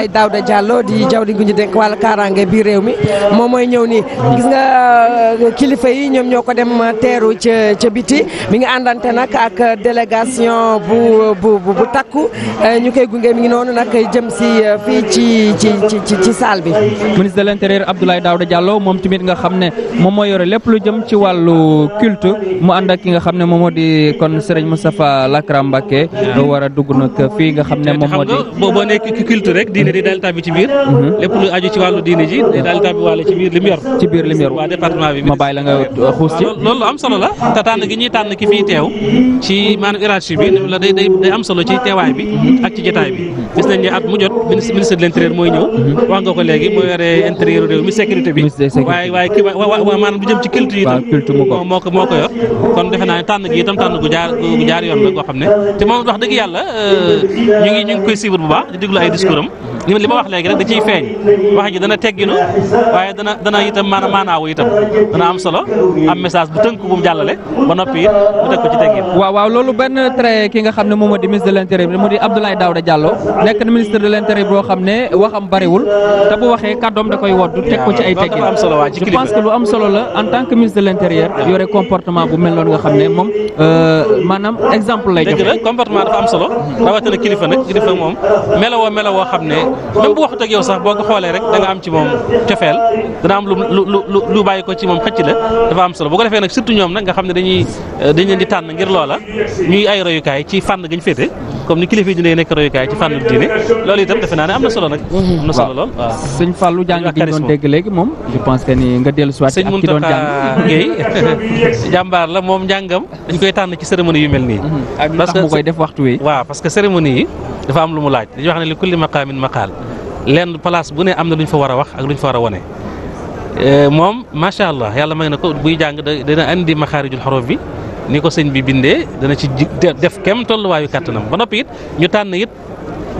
ay Daouda Diallo di jawdi guñu ñu wal karange bi rewmi mi moom mooy ñëw gis nga euh, kilifa yi ñom ñoko dem teru ci ci biti mi nga andante nak ak delegation bu bu bu takku euh, ñu koy gunge mi ngi nonu nak jëm euh, ci fi ci ci ci ci salle bi. ministre de l'intérieur Abdoulaye Daouda jallo mom timit nga xamne mom moom yoré lepp lu jëm ci walu culte mu and ak nga xamne ne di kon Serigne Moustapha Lakram Mbacké do wara dugg nak fi nga xam ne culte rek di. te di daal tàbbi ci biir mhm. lépp lu aju ci wàllu diine ji day daal tàbbi ci biir lim yor waa département bi ma la nga xuus loolu am solo la te tànn gi ñuy tànn ki fii teew ci maanaam hiérarchie bi day am solo ci teewaay bi ak ci jotaay bi gis nañ at mu ministre l'intérieur mooy ñëw mhm. wax nga ko léegi mooy yore intérieur réew mi sécurité bi waaye waaye du jëm ci culture yi itam moo ko yor kon defe naa ne tànn gi itam tànn gu jaar yoon la goo li ma wax léegi rek da ciy feeñ wax ji dana tegginu waaye dana dana itam maanaam maanaawu itam dana am solo am message bu tënk bu jàllale ba noppi it mu teg ko ci teggin. waaw waaw loolu benn trait ki nga xam ne moom moo di ministre de l'intérieur moo di Abdoulaye Daouda Diallo nekk na ministre de l'intérieur boo xam ne waxam bariwul te bu waxee kàddoom da koy woddu teg ko ci ay teggin je pense que lu am solo la en tant que ministre de l'intérieur yore comportement bu mel noonu nga xam ne moom euh, maanaam exemple lay joxe. dëgg la comportement dafa am solo mhm. kilifa nag kilifa moom melawoo melawoo xam ne moom même bu waxut yow sax boo ko xoolee rek da nga am ci moom cofeel dana am lu lu bàyyi ko ci moom xëcc la dafa am solo bu ko defee nag surtout ñoom nag nga xam ne dañuy euh, dañ leen di tànn ngir loola ñuy ay royukaay ci fànn gañ féete comme ni kilifa yi dinañ nekk royukaay ci fànn diine loolu itam defe naa ne am na solo nag mhm. am na solo lool waaw sëñ jàng gi doon dégg léegi moom je la moom njàngam dañ koy tànn ci cérémonie yu mel nii mhm. parce que mu yi dafa am lu mu laaj dañuy wax ne li kulli maqaamin maqaal lenn place bu ne am na lu fa war a wax ak lu fa war a wone eh, moom macha allah yàlla may na ko buy jàng dina andi maxaarijul xaroof bi ni ko sëñ bi bindee dana ci def kem tolluwaayu kàttanam ba noppi it ñu tànn it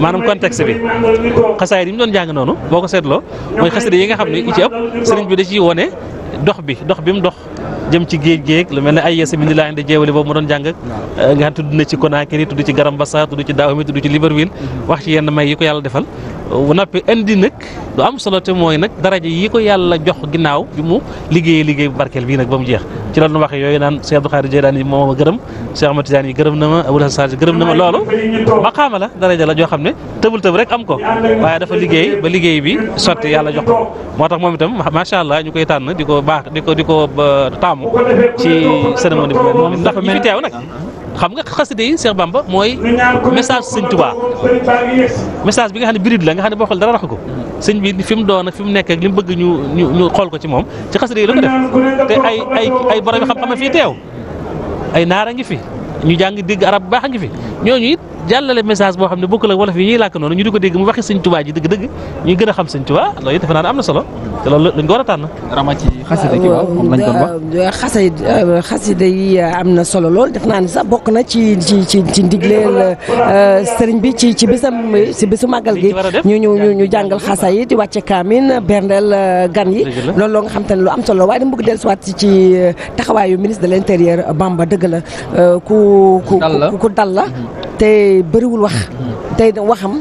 maanaam contexte bi xasaay yi mu doon jàng noonu boo ko seetloo mooy xasida yi nga xam ne i ci ëpp sëriñ bi da wone dox bi dox bi mu dox jëm ci géej géej lu mel ne ay yeesa mindi laa indi jeewali boobu mu doon jàng nga xam tudd na ci Conakry tudd ci Garambassa tudd ci Dahomey tudd ci Libreville mhm. wax ci yenn may yi ko yàlla defal bu noppi indi nag lu am solo te mooy nag daraja yi ko yàlla jox ginnaaw bi mu liggéeyee liggéey bu barkeel bii nag ba mu jeex ci loolu nu waxee yooyu naan Cheikh Abdou Khadir Jeylani moom ma gërëm Cheikh Ahmad gërëm na ma Abul Hasan na ma loolu maqaama la daraja la joo xam ne tëbul tëb rek am ko waaye dafa liggéey ba liggéey bi sotti yàlla jox ko moo tax moom itam macha allah ñu koy tànn di ko baax di ko di ko taamu ci cérémonie bi moom dafa mel teew nag xam nga xaside yi Cheikh Bamba mooy message sëñ Tuubaa message bi nga xam ne birid la nga xam ne boo xool dara rax ko sëñ bi fi mu doon fi mu nekk ak li bëgg ñu ñu ñu xool ko ci moom ci xaside yi la ko def te ay ay ay borom xam xam-xam fii teew ay naara ngi fi ñu jàng dégg arab bu baax a ngi fi ñooñu jàllale message boo xam ne bokkul ak wolof yi ñuy làkk noonu ñu di ko dégg mu waxi sëñ Tuubaa ji dëgg-dëgg ñuy gën a xam sëñ Tuubaa loolu it am na solo te loolu lañ ko a tànn. rama ci xasida gi waaw moom euh, euh, euh, am na solo lool def naa ne sax bokk na ci ci ci ci ndigleel sëriñ bi ci ci bisam si bisu màggal gi. ñu ñu ñu ñu jàngal xasa yi di wàcce kaamin berndeel gan yi. loolu loo nga xam te ne am solo waaye dama bëgg dellusiwaat ci taxawaayu ministre de l'intérieur Bamba dëgg la ku ku ku dal la mhm. te bëriwul wax te waxam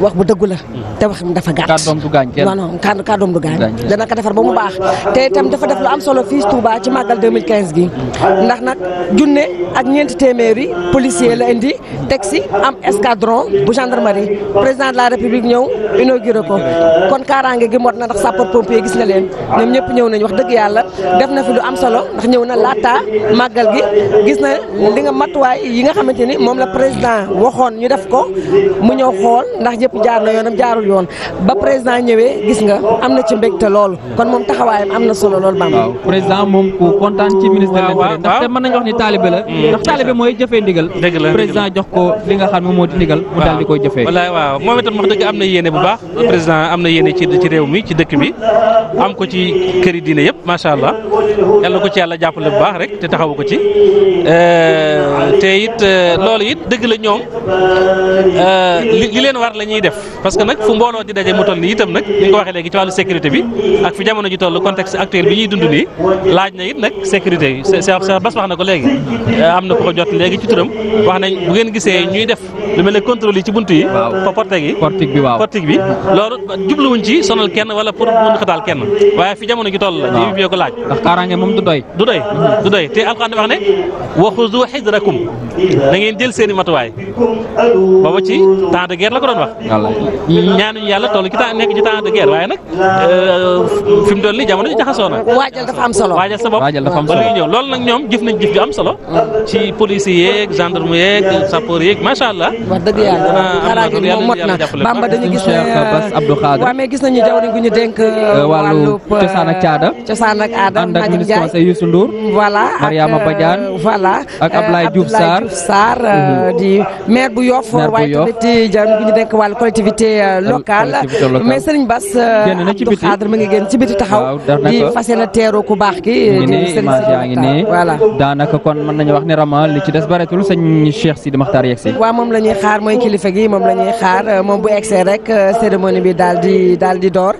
wax bu dëggu la mm-hmm. te waxam dafa gatt kàddoom du gagne non non kàddoom du gagne dana ko defar ba mu bax te itam dafa def lu am solo fils Touba ci magal 2015 gi mm-hmm. ndax nak junne ak ñeenti téeméeri policier la indi taxi am escadron bu gendarmerie président de la république ñew inaugurer ko kon kaaraange gi mot na ndax sapeur pompier gis na len ñom ñep ñew nañ wax deug yalla def na fi lu am solo ndax ñew na lata magal gi gis na li nga matuwaay yi nga xamanteni mom la président waxon ñu def ko mu ñew xol ndax lépp jaar na yoonam jaarul yoon ba président ñëwee gis nga am na ci mbégte lool kon moom taxawaayam am na solo lool bam waaw président moom ku kontaan ci ministre de l'intérieur ndaxte mën nañu wax ni taalibe la ndax taalibe mooy jëfee ndigal président jox ko li nga xam ne moo di ndigal mu daal di koy jëfee wallaay waaw moom itam am na yéene bu ci ci réew mi ci dëkk bi am ko ci këri diine yëpp macha allah yàlla ko ci yàlla jàppale bu baax rek te taxawu ko ci euh, te it euh, loolu it dëgg la ñoom euh, li leen war lañuy ñuy def parce que nag fu mbooloo di daje mu toll nii itam nag ni nga ko waxee léegi ci wàllu sécurité bi ak fi jamono ji toll contexte actuel bi ñuy dund nii laaj na it nag sécurité yi Cheikh Cheikh wax na ko léegi euh, am na ko jot léegi ci turam wax nañ bu ngeen gisee ñuy def lu mel ne yi ci buntu yi fa porte gi portique bi loolu jubluwuñ ci sonal kenn wala pour mun xataal kenn waaye fi jamono ji toll la di biyee ko laaj ndax kaaraange moom du doy wallaay ñaanuñu yàlla toll ci temps ci temps de guerre waaye nag fi mu toll jamono dafa am solo waajal sa bopp waajal dafa am solo ñëw loolu jëf nañ jëf am solo ci policier yeeg gendarme yeeg sapeur yeeg macha allah wax dëgg yàlla xalaat yi moom mot bamba dañu gis Bass Abdou Khadre waaw mais gis nañu jawriñ gu ñu dénk wàllu cosaan ak caada cosaan ak aada ak ministre conseil Youssou Ndour voilà Mariama voilà ak Ablaye Diouf di maire bu Yoff waaye tamit gu ñu wàllu euh, collectivité locale mais Serigne Bass euh, Abdou Khadre mi ngi génn ci biti taxaw di fas yéene teeru ku baax ki ngi ne li ci des bareetul sëñ Cheikh Sidi Makhtar yegg si waaw moom la ñuy xaar mooy kilifa gi moom la xaar euh, moom bu egsee rek cérémonie bi daal di door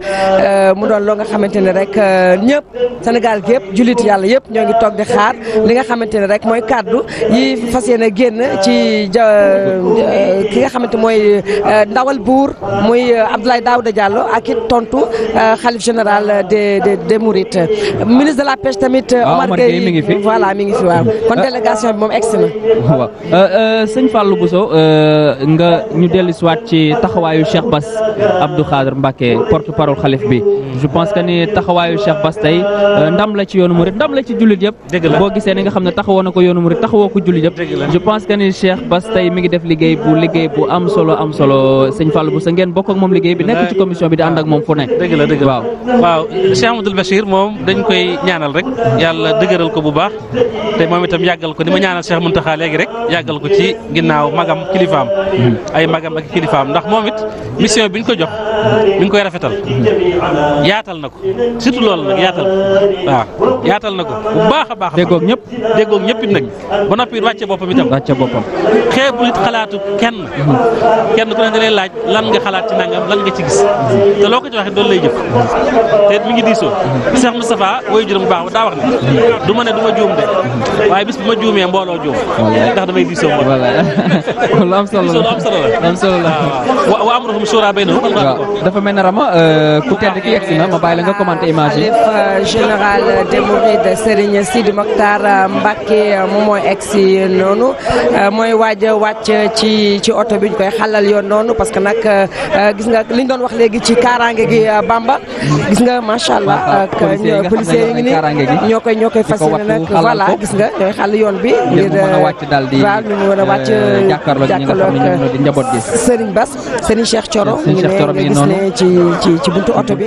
mu doon loo nga xamante ne rek ñëpp Sénégal gi yëpp jullit yàlla yëpp ñoo ngi toog di xaar li nga xamante ne rek mooy kaddu yi fas yéene génn ci ki nga xamante mooy ndawal buur muy euh, Abdoulaye Daouda Diallo ak it tontu xalif euh, général des des des ministre de la pêche tamit. Euh, ah, Omar Gueye mi ngi fi voilà mi ngi fi waaw kon ah. délégation bi moom egsi na. waaw sëñ Fallou Bousso nga ñu dellu si waat ci taxawaayu Cheikh Bass Abdou Khadre Mbacké porte parole xalif bi. je pense que euh, ndam la ci yoonu murid ndam la ci jullit yëpp boo gisee ni nga xam ne taxawoo na ko yoonu murid taxawoo ko jullit yëpp je pense que ni ngi def liggéey bu liggéey bu am solo am solo sëñ Fallou Bousso ngeen bokk ak moom liggéey bi nekk ci commission bi di ànd moom fu nekk dëgg la dëgg waaw ñaanal rek yàlla dëgëral ko bu baax te moom itam yàggal ko ni ma ñaanal Cheikh Mountakha léegi rek yàggal ko ci ginnaaw magam kilifaam hmm. ay magam ak kilifaam ndax moom it mission bi ñu ko jox mi ngi koy rafetal yaatal na ko surtout loolu nag yaatal waaw yaatal na ko bu baax a baax. déggoog ñëpp déggoog ñëpp it ba noppi it wàcce boppam itam. wàcce boppam xeebul it xalaatu kenn. Mhm. kenn ku ne da lay xalaat ci nangam lan nga ci gis. Mhm. te loo ko ci waxee loolu lay jëf. Mhm. te it ngi diisoo. Cheikh Moustapha woy juróom bu baax ba daa wax ne. du ma ne du ma juum de. waaye bis bu ma juumee mbooloo juum. ndax damay diisoo mbooloo. voilà la lu dafa mel euh, ku tedd ki yegsi ma bàyyi la nga commenté image yi. xalif général des Mourides Serigne Sidi Mokhtar Mbacké moom mooy egg si noonu euh, mooy waaj a wàcc ci ci oto bi ñu koy xalal yoon noonu parce que nag euh, gis nga li doon wax léegi ci kaaraange gi euh, Bamba gis nga macha allah ak policiers yi ngi nii ñoo koy ñoo koy fas yéene nag voilà gis nga ñooy xal yoon bi. ngir waaw ñu mën a wàcc jàkkaarloog Serigne Bass Serigne Cheikh Thioro ñu ne nga gis ne ci ci buntu oto bi.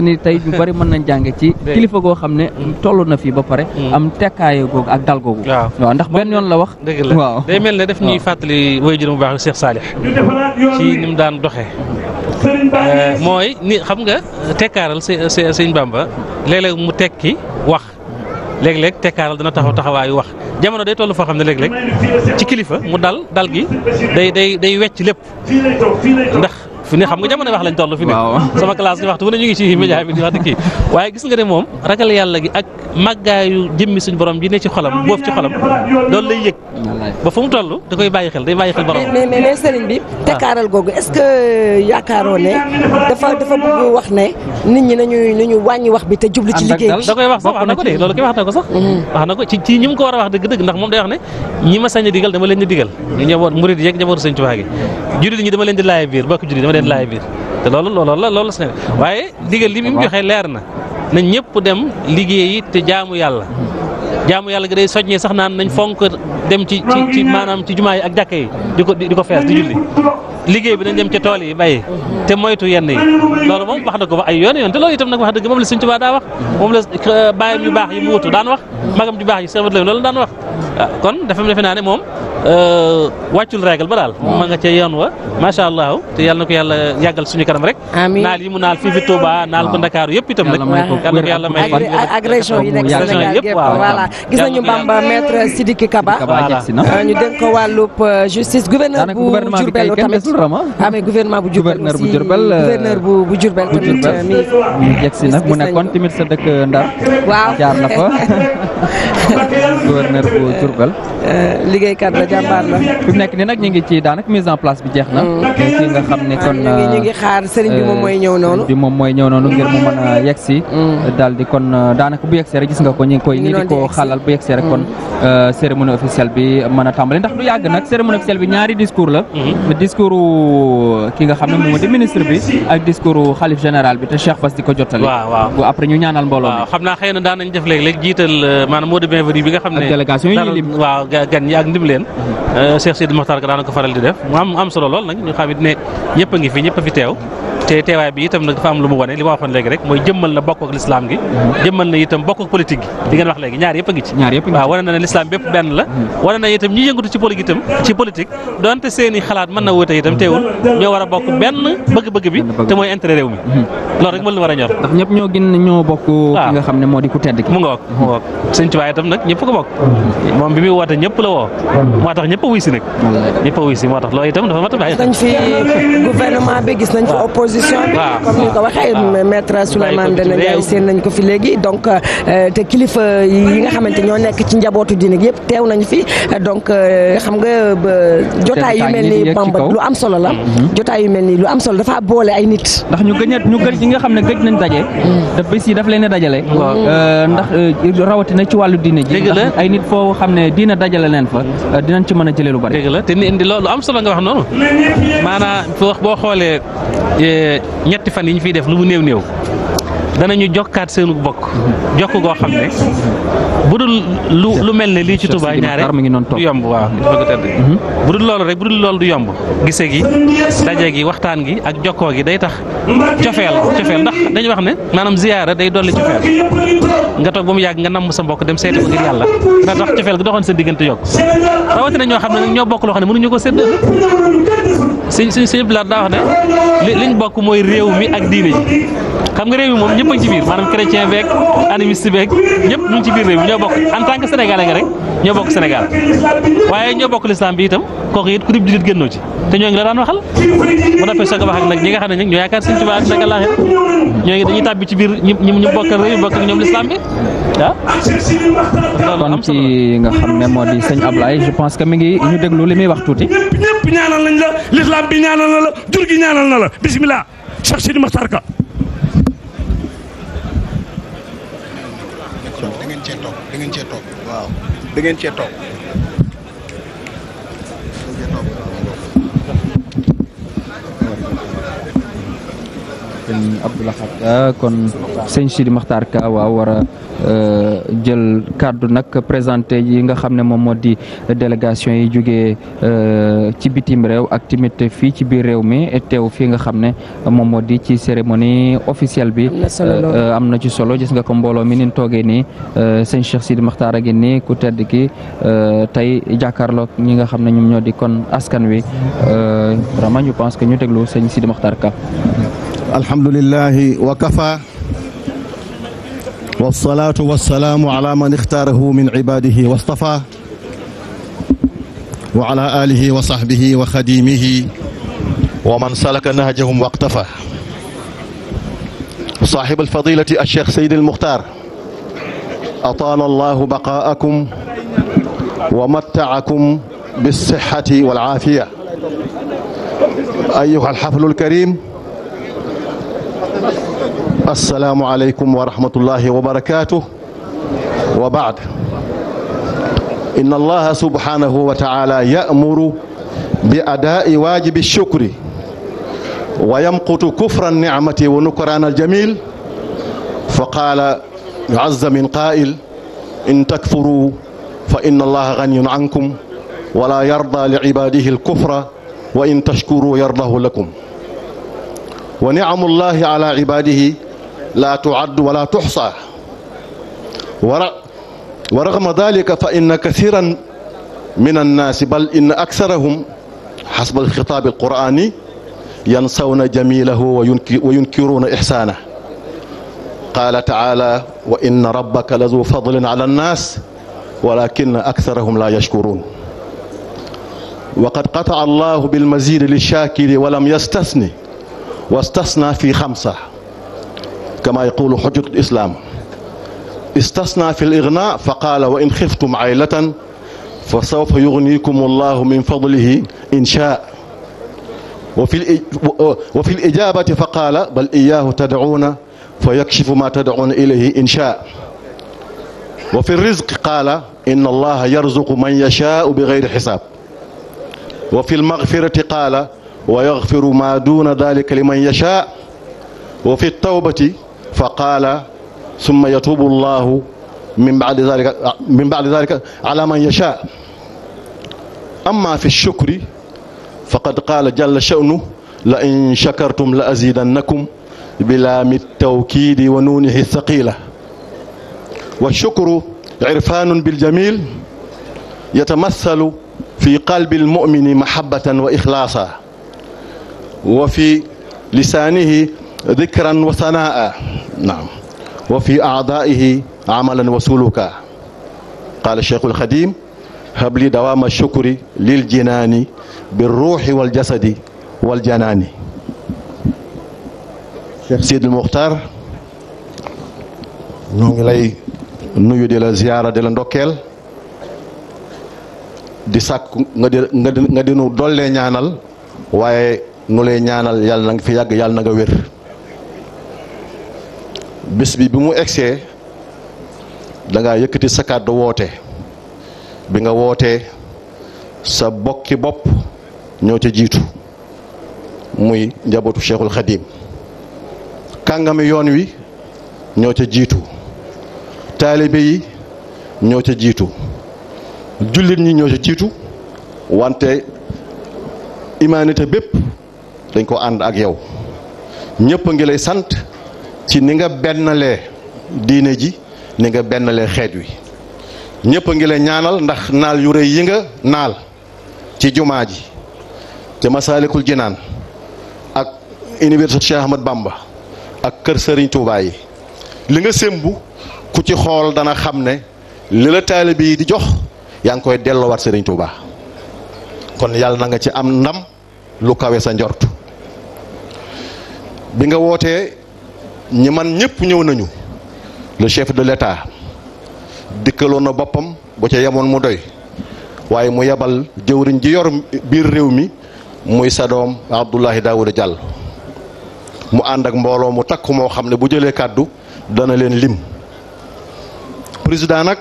ni tey ñu bari mën nañ jànge ci kilifa goo xam ne mm. toll na fii ba pare mm. am tekkaaye googu ak dal googu waaw ndax benn yoon la wax dëgg la waaw day mel ne def ñuy fàttali way jur bu baax Cheikh Salih ci ni mu daan doxe euh, mooy ni xam nga euh, tekkaaral sëñ euh, Bamba léeg-léeg mu tekki wax léeg-léeg tekkaaral dana taxaw taxawaayu wax jamono day toll foo xam ne léeg-léeg ci kilifa mu dal dal gi day day wecc lépp ndax fi ne xam nga jamono wax lañ toll fi ne sama classe ni waxtu bu ne ñu ngi ci média bi di wax kii waaye gis nga ne moom ragal yàlla gi ak màggaayu jëmmi suñ borom ji ne ci xolam boof ci xolam loolu lay yëg ba fu mu toll da koy bàyyi xel day bàyyi xel borom. mais mais sëriñ bi. tekkaaral googu est-ce que yaakaaroo dafa dafa bëgg wax ne. nit ñi nañu wàññi wax bi te jublu ci liggéey bi. da koy wax sax wax na ko de loolu koy wax na ko sax. Mhm. wax na ko ci ci ñi mu ko war a wax dëgg-dëgg ndax moom day wax ne ñi ma sañ a digal dama leen di digal. ñu njaboot murid yeeg njabootu sëñ Tuubaa gi ñi dama leen di laaya biir bokk jullit dama leen di laaya biir te loolu loolu loolu la jaamu yàlla gi day soññee sax naan nañ fonk dem ci ci ci maanaam jumaa yi ak jàkka yi di ko fees di julli liggéey bi nañ dem ca tool yi bàyyi te moytu yenn loolu moom wax na ko ba ay yoon yoon te loolu itam nag wax dëgg moom la Sëñ Tuubaa daa wax moom la euh, bàyyam yu baax yi mu wutu daan wax magam ju baax yi servat la loolu daan wax kon dafa defe naa moom Euh, wàccul régal ba daal ma nga ca yoon wa macha allah te yàlla na ko yàlla yàggal suñu karam rek naal yi mu naal fii fi Touba naal ko Ndakaaru yëpp itam nag yàlla ko yàlla may ak région yi nekk Sénégal yëpp voilà gis nañu Bamba maître Sidiki Kaba euh, ñu dénk ko wàllub euh, justice gouverneur ah, bu Diourbel tamit bu Diourbel aussi gouverneur bu Diourbel tamit mi yegsi na mu nekkoon tamit sa dëkk Ndar jaar na bu Diourbel liggéeykat la jàmbaar la. fi mu nekk nii nag ñu ngi ci daanaka mise en place bi jeex na. ci mm. nga xam ne kon ñu ngi xaar sëriñ bi moom mooy ñëw euh, noonu. bi moom mooy ñëw noonu ngir mu mën a mm. yegg si. Mm. daal di kon euh, daanaka bu yegsee rek gis nga ko ñu ngi koy di ko xalal bu yegsee rek kon euh, cérémonie officielle bi mën a tàmbali ndax du yàgg nag cérémonie officielle bi ñaari discours la. Mm-hmm. discours ki nga xam ne moom di ministre bi ak discours xalif général bi te Cheikh Bass di ko jottali. waaw waaw après ñu ñaanal mbooloo mi. waaw xam naa xëy na def léeg jiital maanaam de bienvenue bi nga xam ne. délégation yi gan yi ak ndim leen euh, Cheikh Sidi Mokhtar ka daana ko faral di def mu am am solo lool nag ñu xam it ne ñëpp a ngi fi ñëpp a fi teew te teewaay bi itam nag dafa am lu mu wane li ma waxoon léegi rek mooy jëmmal na bokk lislaam gi jëmmal na itam bokk ak gi li ngeen wax léegi ñaar yëpp a ngi ci waaw wane na ne lislaam bépp benn la mm-hmm. wane na na wute itam ñoo war a bokk benn bëgg-bëgg bi te mooy intérêt réew mi mm-hmm. loolu rek mën na war a ñor ndax ñoo bokk mm-hmm. moom bi muy woote ñëpp la woo moo tax ñëpp a wuy si nag ñëpp a wuy si moo tax loolu itam dafa mat a bàyyi opposition bi. Ah. nga ko waxee ah. maître Souleymane Ndéné Ndiaye seen nañ ko fi léegi donc euh, te kilifa yi nga xamante ñoo nekk ci njabootu diine yëpp teew nañu fi donc euh, xam nga ba jotaay yu mel ni lu am solo la. Mm-hmm. jotaay yu mel ni lu am solo dafa boole ay nit. ndax ñu gëj ñu gëj ñi nga xam ne gëj nañ daje. Mm. te bés yi daf leen a dajale. Mm. Euh, ndax rawatina ci wàllu diine ji. dëgg la ay nit foo xam ne diina dajale leen fa dina ci mën a jëlee lu bari. la te ni indi loolu am solo nga wax noonu maanaam boo xoolee eh, ñetti fan yi ñu fiy def lu mu néew néew danañu jokkaat seenu bokk jokk goo xam ne bu dul lu lu mel ne lii ci Touba ñaare du yomb waaw dafa ko tedd mhm. bu dul loolu rek bu dul loolu du yomb gise gi daje gi waxtaan gi ak jokkoo gi day tax cofeel cofeel ndax dañu wax ne maanaam ziyaara day dolli cofeel mu yàgg nga namm sa mbokk dem seeti ko ngir yàlla ndax tax cofeel gi doxoon sa diggante yokk rawatina ñoo xam ne nag ñoo bokk loo xam ne mënuñu ko sédd suñ suñ suñu bilaat daa wax ne li liñ bokk mooy réew mi ak diine ji xam nga réew mi moom ñëpp a ci biir maanaam chrétien beeg animiste beeg ñëpp ñu ci biir réew mi bok en tant que sénégalais nga rek ño bok Sénégal waye ño bok l'islam bi itam ko xit ku dib dit gennu ci te ñoo ngi la daan waxal mu dafay sa a wax nak ñi nga xamne ne nag ñoo yaakaar Sëñ Tuubaa nag laaxe ngi dañuy tabbi ci bir ñi ñu bokkal réew bokk ñom l'islam bi da ah. am ci nga xamne modi seigne di Ablaye je pense que mi ngi ñu deglu limi wax touti ñepp ñaanal nañ la l'islam bi ñaanal na la jur gi ñaanal na la bismillah Cheikh Sidi Makhtar Ka da ngeen ngeen cee toog. waaw da ngeen cee toog. sëñ Abdoulaye Ka ah, kon sëñ Sidi Makhtar Ka waaw war a euh, jël kàddu nag présenté yi nga xam ne moom moo di délégation yi jógee euh, ci bitim réew ak tamit fii ci biir réew mi teew fii nga xam ne moom moo di ci cérémonie officielle bi. am na euh, ci solo gis nga ko mbooloo mi nin toogee nii sëñ Cheikh Sidi Makhtar a gi ku tedd ki tey jàkkaarloog ñi nga xam ne ñoom ñoo di kon askan wi vraiment ñu pense que ñu déglu sëñ Sidi Makhtar Ka. الحمد لله وكفى والصلاة والسلام على من اختاره من عباده واصطفى وعلى آله وصحبه وخديمه ومن سلك نهجهم واقتفى صاحب الفضيلة الشيخ سيد المختار أطال الله بقاءكم ومتعكم بالصحة والعافية أيها الحفل الكريم السلام عليكم ورحمة الله وبركاته وبعد إن الله سبحانه وتعالى يأمر بأداء واجب الشكر ويمقت كفر النعمة ونكران الجميل فقال عز من قائل إن تكفروا فإن الله غني عنكم ولا يرضى لعباده الكفر وإن تشكروا يرضه لكم ونعم الله على عباده لا تعد ولا تحصى ورغم ذلك فإن كثيرا من الناس بل إن أكثرهم حسب الخطاب القرآني ينسون جميله وينكرون إحسانه قال تعالى وإن ربك لذو فضل على الناس ولكن أكثرهم لا يشكرون وقد قطع الله بالمزيد للشاكر ولم يستثني واستثنى في خمسه كما يقول حجة الإسلام استثنى في الإغناء فقال وإن خفتم عيلة فسوف يغنيكم الله من فضله إن شاء وفي وفي الإجابة فقال بل إياه تدعون فيكشف ما تدعون إليه إن شاء وفي الرزق قال إن الله يرزق من يشاء بغير حساب وفي المغفرة قال ويغفر ما دون ذلك لمن يشاء وفي التوبة فقال ثم يتوب الله من بعد ذلك من بعد ذلك على من يشاء أما في الشكر فقد قال جل شأنه لئن شكرتم لأزيدنكم بلام التوكيد ونونه الثقيلة والشكر عرفان بالجميل يتمثل في قلب المؤمن محبة وإخلاصا وفي لسانه ذكرا وثناء نعم وفي أعضائه عملا وسلوكا قال الشيخ الخديم هب لي دوام الشكر للجنان بالروح والجسد والجنان شيخ سيد المختار نوغلاي نيو ديلا زيارة ديلا ندوكيل دي ساك نغدي نو دولي نيانال واي نولي نيانال يال نغ في ياغ يال نغ وير bis bi bi mu egsee danga ngaa yëkkati sa kàddu woote bi nga wootee sa bokki bopp ñoo ca jiitu muy njabootu cheikhul xadim kàngami yoon wi ñoo ca jiitu taalibe yi ñoo ca jiitu jullit ñi ñoo ca jiitu wante humanité bépp dañ ko ànd ak yow ñëpp ngi lay sant ci ni nga bennalee diine ji ni nga bennale xeet wi ñëpp a ngi la ñaanal ndax naal yu rey yi nga naal ci jumaa ji ca Masaalikul Jinaan ak université Cheikh Ahmad Bamba ak kër sëriñ Touba yi li nga sémbu ku ci xool dana xam ne li la taalibe yi di jox yaa ngi koy delloowaat Serigne Touba kon yàlla na nga ci am ndam lu kawe sa njort bi nga wootee ñi man ñëpp ñëw nañu lu chef de l'État dikkaloon na boppam bu ca yemoon mu doy waaye mu yebal jëwriñ ji yor biir réew mi muy sadoom Abdoulaye Daouda jàll mu ànd ak mbooloo mu takk moo xam ne bu jëlee kàddu dana leen lim président nag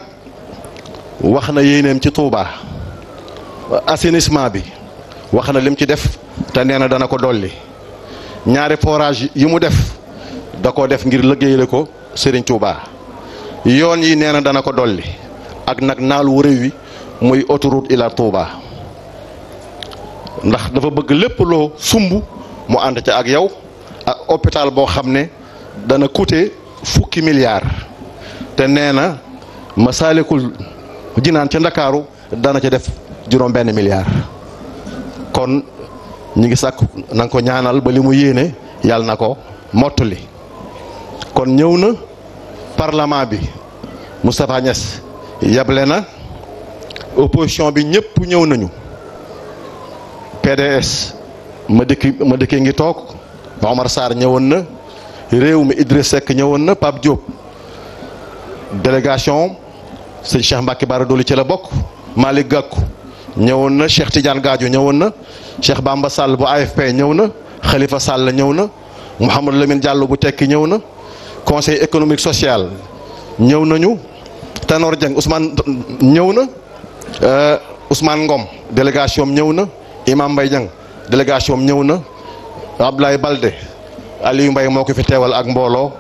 wax na yéeneem ci Touba assainissement bi wax na lim ci def te nee na dana ko dolli ñaari forage yi mu def da ko def ngir liggéeyale ko Serigne Touba yoon yi nee na dana ko dolli ak nag naalu wu wi muy autoroute ila Touba ndax dafa bëgg lépp loo sumb mu ànd ca ak yow ak hôpital boo xam ne dana coûter fukki milliards te nee na Masaalikul Jinaan ca Ndakaaru dana ca def juróom benn milliard kon ñu ngi sàkk na ko ñaanal ba li mu yéene yàlla na ko mottali kon ñëw na parlament bi Moustapha Niass yable na opposition bi ñëpp ñëw nañu PDS ma dëkki ma dëkkee ngi toog Omar Sarr ñëwoon na réew mi idri Seck ñëwoon na Pape Diop délégation sëñ Cheikh mbaki Bara ci la bokk maali Gakou ñëwoon na Cheikh Tidiane Gadio ñëwoon na Cheikh Bamba Sall bu AFP ñëw na Khalifa Sall ñëw na Mouhamadou Lamine Diallo bu tekki ñëw na conseil économique sociale ñëw nañu Tanor Dieng Ousmane ñëw na euh, Ousmane Ngom délégation am ñëw na Imam Mbaye Niang délégation ñëw na Abdoulaye Balde Aliou mbay moo ko fi teewal ak mbooloo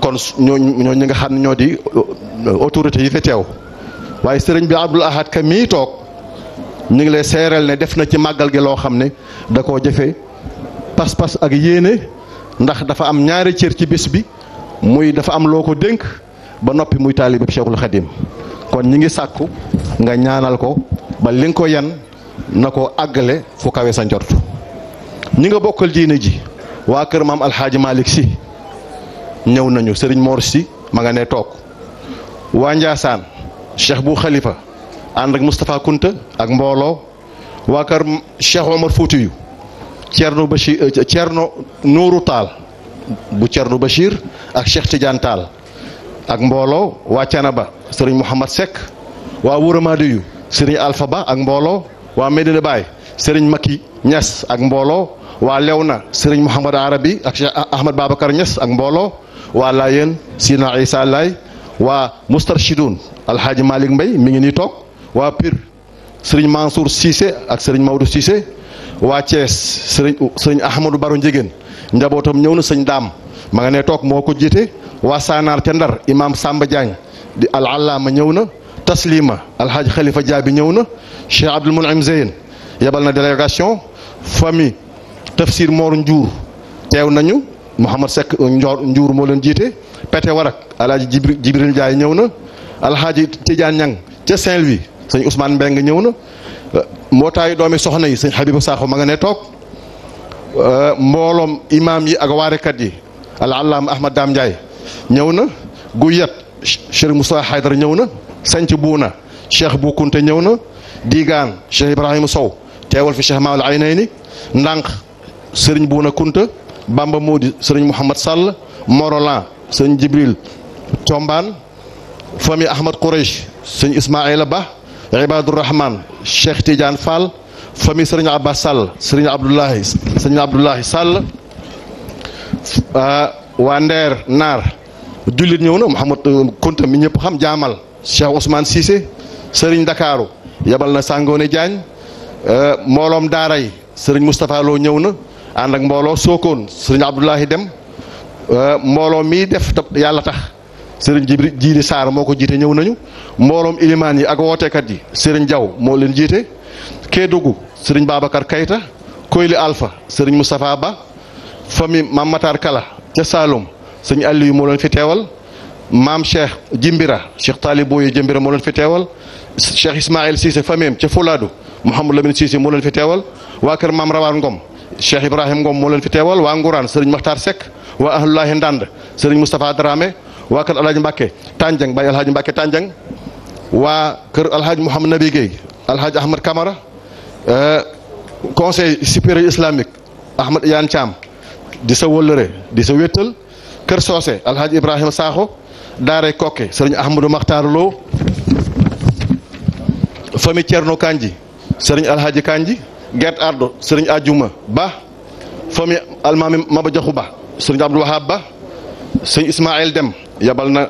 kon ñoo ñi nga xam ne ñoo di euh, autorité yi fi teew waaye sëriñ bi Abdoul Ahad ka mii toog ñu ngi lay seereel ne def na ci màggal gi loo xam ne da koo jëfe pas-pas ak yéene ndax dafa am ñaari cër ci bés bi muy dafa am loo ko dénk ba noppi muy taalibe Cheikhul Khadim kon ñi ngi sàkku nga ñaanal ko ba li nga ko yan na ko àggale fu kawe sa njort ñi nga bokkal diine ji waa kër maam alxaaji Malick si ñëw nañu sëriñ moor si ma nga ne toog waa Ndiassane Cheikh bu xalifa ànd ak Moustapha Kunta ak mbooloo waa kër Cheikh Omar Foutiyou Thierno Bachir Thierno Nourou Tall bu Thierno bashir ak Cheikh Tidiane Tall ak mbolo waa ba serigne mohammed sek wa wourama serigne Alpha Ba ak mbolo Wa Medina bay serigne Maki nyas ak mbolo wa Lewna serigne mohammed Arabi ak Cheikh Ahmad Babacar Nyas, ak mbolo Wa Layen, Sina Isa Lay mustarshidun al Alhaji malik mbey mi ngi ni tok wa pir serigne Mansour cisse ak serigne maoudou cisse wa Thiès serigne serigne Ahmadou barou ndiegene njabootam ñëw na sëñ daam ma nga ne toog moo ko jiite waa saanaar ca ndar imaam Samba Diagne di al allaama ñëw na taslima alhaaj xalifa jaabi ñëw na cheikh abdul munim zeyn yebal na délégation famille tafsir moor njuur teew nañu mouhamad Seck euh, njoor njuur moo leen jiite pété warak alhaaji jibri jibril jaay ñëw na alhaaji tijaan ñang ca Saint-Louis sëñ ousmane mbeng ñëw na euh, mbootaayu doomi soxna yi sëñ xabibu saaxo ma nga ne toog Euh, mbooloom imaam yi ak waarekat yi alallaama ahmad daam ndiaye ñëw na guyat cheikh moussa haydara ñëw na sanc buuna cheikh bukunte ñëw na digaan cheikh ibrahima sow teewal fi cheikh maamul aynayni ndànk sëriñ buuna kunta bamba moodi sëriñ mouhamad sall morolan sëriñ jibril tombaan fami ahmad quraysh sëriñ ismaila ba ibadourahman cheikh tidiane fall famille sëriñ Abbas Sall sëriñ Abdoulahi sëriñ Abdoulahi Sall ah, waa Ndeer Naar jullit ñëw na Mouhamad euh, Kounta mi ñëpp xam jaamal Cheikh Ousmane Cissé sëriñ Ndakaaru yebal na Sangone Diagne euh, mbooloom daara yi sëriñ Moustapha Lo ñëw na ànd ak mbooloo Sokone sëriñ Abdoulahi Dem euh, mbooloo mii def yàlla tax sëriñ Jibril Jiiri Sarr moo ko jiite ñëw nañu mbooloom ilimaan yi ak wooteekat yi sëriñ Diaw moo leen jiite. Kédougou sëriñ Babacar Kayta Koyli Alpha sëriñ Moustapha Ba famille maam Matar Kala ca Saloum sëñ Aliou moo leen fi teewal maam Cheikh Jimbira Cheikh Talibou yi Jimbira moo leen fi teewal Cheikh Ismaël Cissé famille ca Fulaadu Mouhamadou Lamine Cissé moo leen fi teewal waa kër maam Rawaan Ngom Cheikh Ibrahim Ngom moo leen fi teewal waa Ngourane sëriñ Makhtar Seck waa Ahlulahi Ndand sëriñ Moustapha Dramé waa kër Alhaji Mbacke Tandiang Baye kër Alhaji Mouhamed Nabi Guèye Alhaji Ahmad Kamara euh, conseil supérieur islamique Ahmed Yan Cham di sa wolere di sa wettal Kër Socé Alhaji Ibrahima Sakho Daare Kokke Serigne Ahmadou Makhtar Lo famille Thierno Kanji Serigne Alhaji Kanji Gert Ardo Serigne Adjuma Ba famille Almami Maba Diakhou Ba Serigne Abdou Wahab Ba Serigne Ismaël Dem yabal na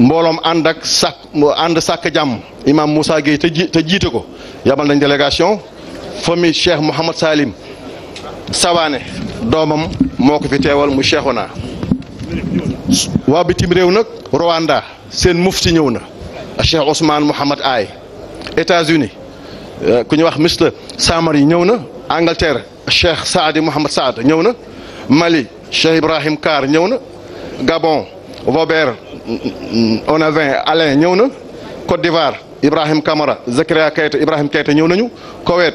mbooloom ànd ak sàkk ànd sàkk jàmm imam te jiite ko yabal nañ délégation famille Cheikh Mouhamad Salim Sawaane doomam moo ko fi teewal mu Cheikhuna waa bitim réew nag Rwanda seen mufti ñëw na Cheikh Ousmane Mouhamad Aay États-Unis euh, ku ñu wax Mr Samari ñëw na Angleterre Cheikh Saadi Mouhamad Saad ñëw na Mali Cheikh Ibrahim Kaar ñëw na Gabon Robert on avait Alain Nyonu, Côte d'Ivoire Ibrahim Kamara Zakaria Keita Ibrahim Keita ñëw il Koweït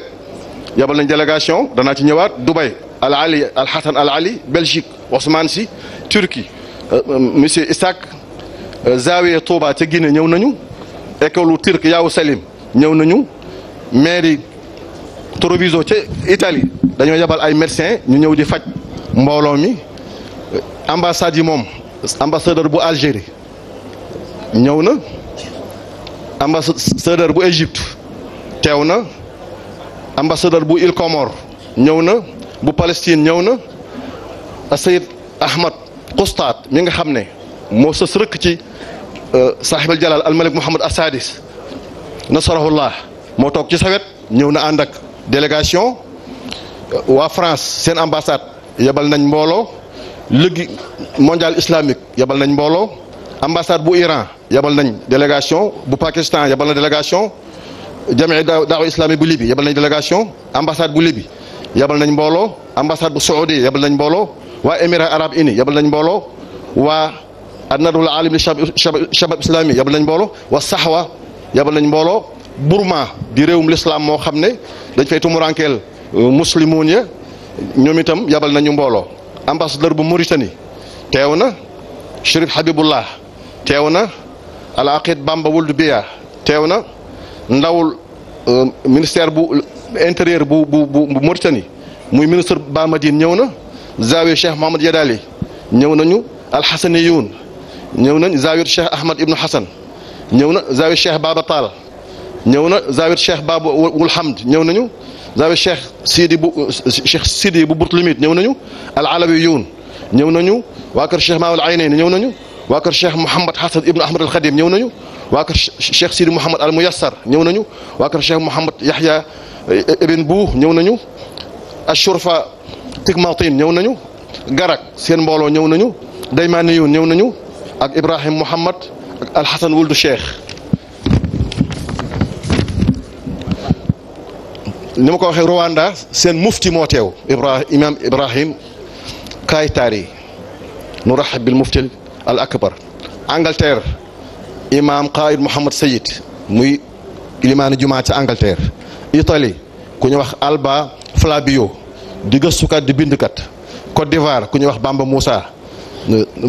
yabal une délégation dans ci ñëwaat Dubaï Al Ali Al Hassan Al Ali Belgique Ousmane Turquie euh, euh, monsieur Isaac euh, Zawi Toba Toba Guinée ñëw nañu école turque, Yaou Salim, Selim ñëw Italie dañoo yabal ay médecins ñu ñëw di ambassade du ambassadeur bu Algérie ñëw na ambassadeur bu Égypte teew na ambassadeur bu Îles Comores ñëw na bu Palestine ñëw na Sayid Ahmad Kustaat mi nga xam ne moo sës rëkk ci euh, saaxibal jalal almalik Mouhamad Assadis nasarahullah moo toog ci sawet ñëw na ànd ak délégation waa France seen ambassade yebal nañ mbooloo ligue mondial islamique yebal nañ mbooloo ambassade bu Iran yabal nañ délégation bu Pakistan yabal na délégation jamee daawa islami bu Libye yabal nañ délégation ambassade bu Libye yabal nañ mbooloo ambassade bu Saoudi yabal nañ mbooloo waa émirats arabes unis yabal nañ mbooloo waa anadul alim li shabab islami yabal nañ mboolo wa Sahwa yabal nañ mbooloo Burma di réewum l'islam moo xam ne dañ fay tumurankeel euh, muslimoon ya ñoom itam yabal nañu mbooloo ambassadeur bu Mauritanie teew na Habibullah teew na alaqid bamba wuldu biya teewna ndawul ministère bu intérieur bu bu bu Mauritanie muy ministre Bamadine ñëw na zaawiya Cheikh Mohamad Yadali ñëw nañu alxasaniyuun ñëw nañ zaawiya Cheikh Ahmad Ibn Hassan ñëw na zaawiya Cheikh Baba Tall ñëw na zaawiya Cheikh Baba Wul Hamd ñëw nañu zaawiya Cheikh Sidi bu Cheikh Sidi bu Bourtlimit ñëw nañu al alawiyuun ñëw nañu waa kër Cheikh Maawal Aynayn ñëw nañu واكر شيخ محمد حسن ابن احمد الخديم نيو نانيو واكر شيخ سيدي محمد الميسر نيو نانيو واكر شيخ محمد يحيى ابن بو نيو نانيو الشرفه تكماطين نيو نانيو غرق سين مولو نيو نانيو ديمانيو نيو نانيو اك ابراهيم محمد الحسن ولد الشيخ نيمكو واخ رواندا سين مفتي موتيو ابراهيم امام ابراهيم كايتاري نرحب بالمفتي al akbar Angleterre imaam Qaid Mohammed Sayid muy limaani jumaa ca Angleterre Italie ku ñu wax Alba Flavio di gëstukat di bindkat Côte d'Ivoire ku ñuy wax Bamba Moussa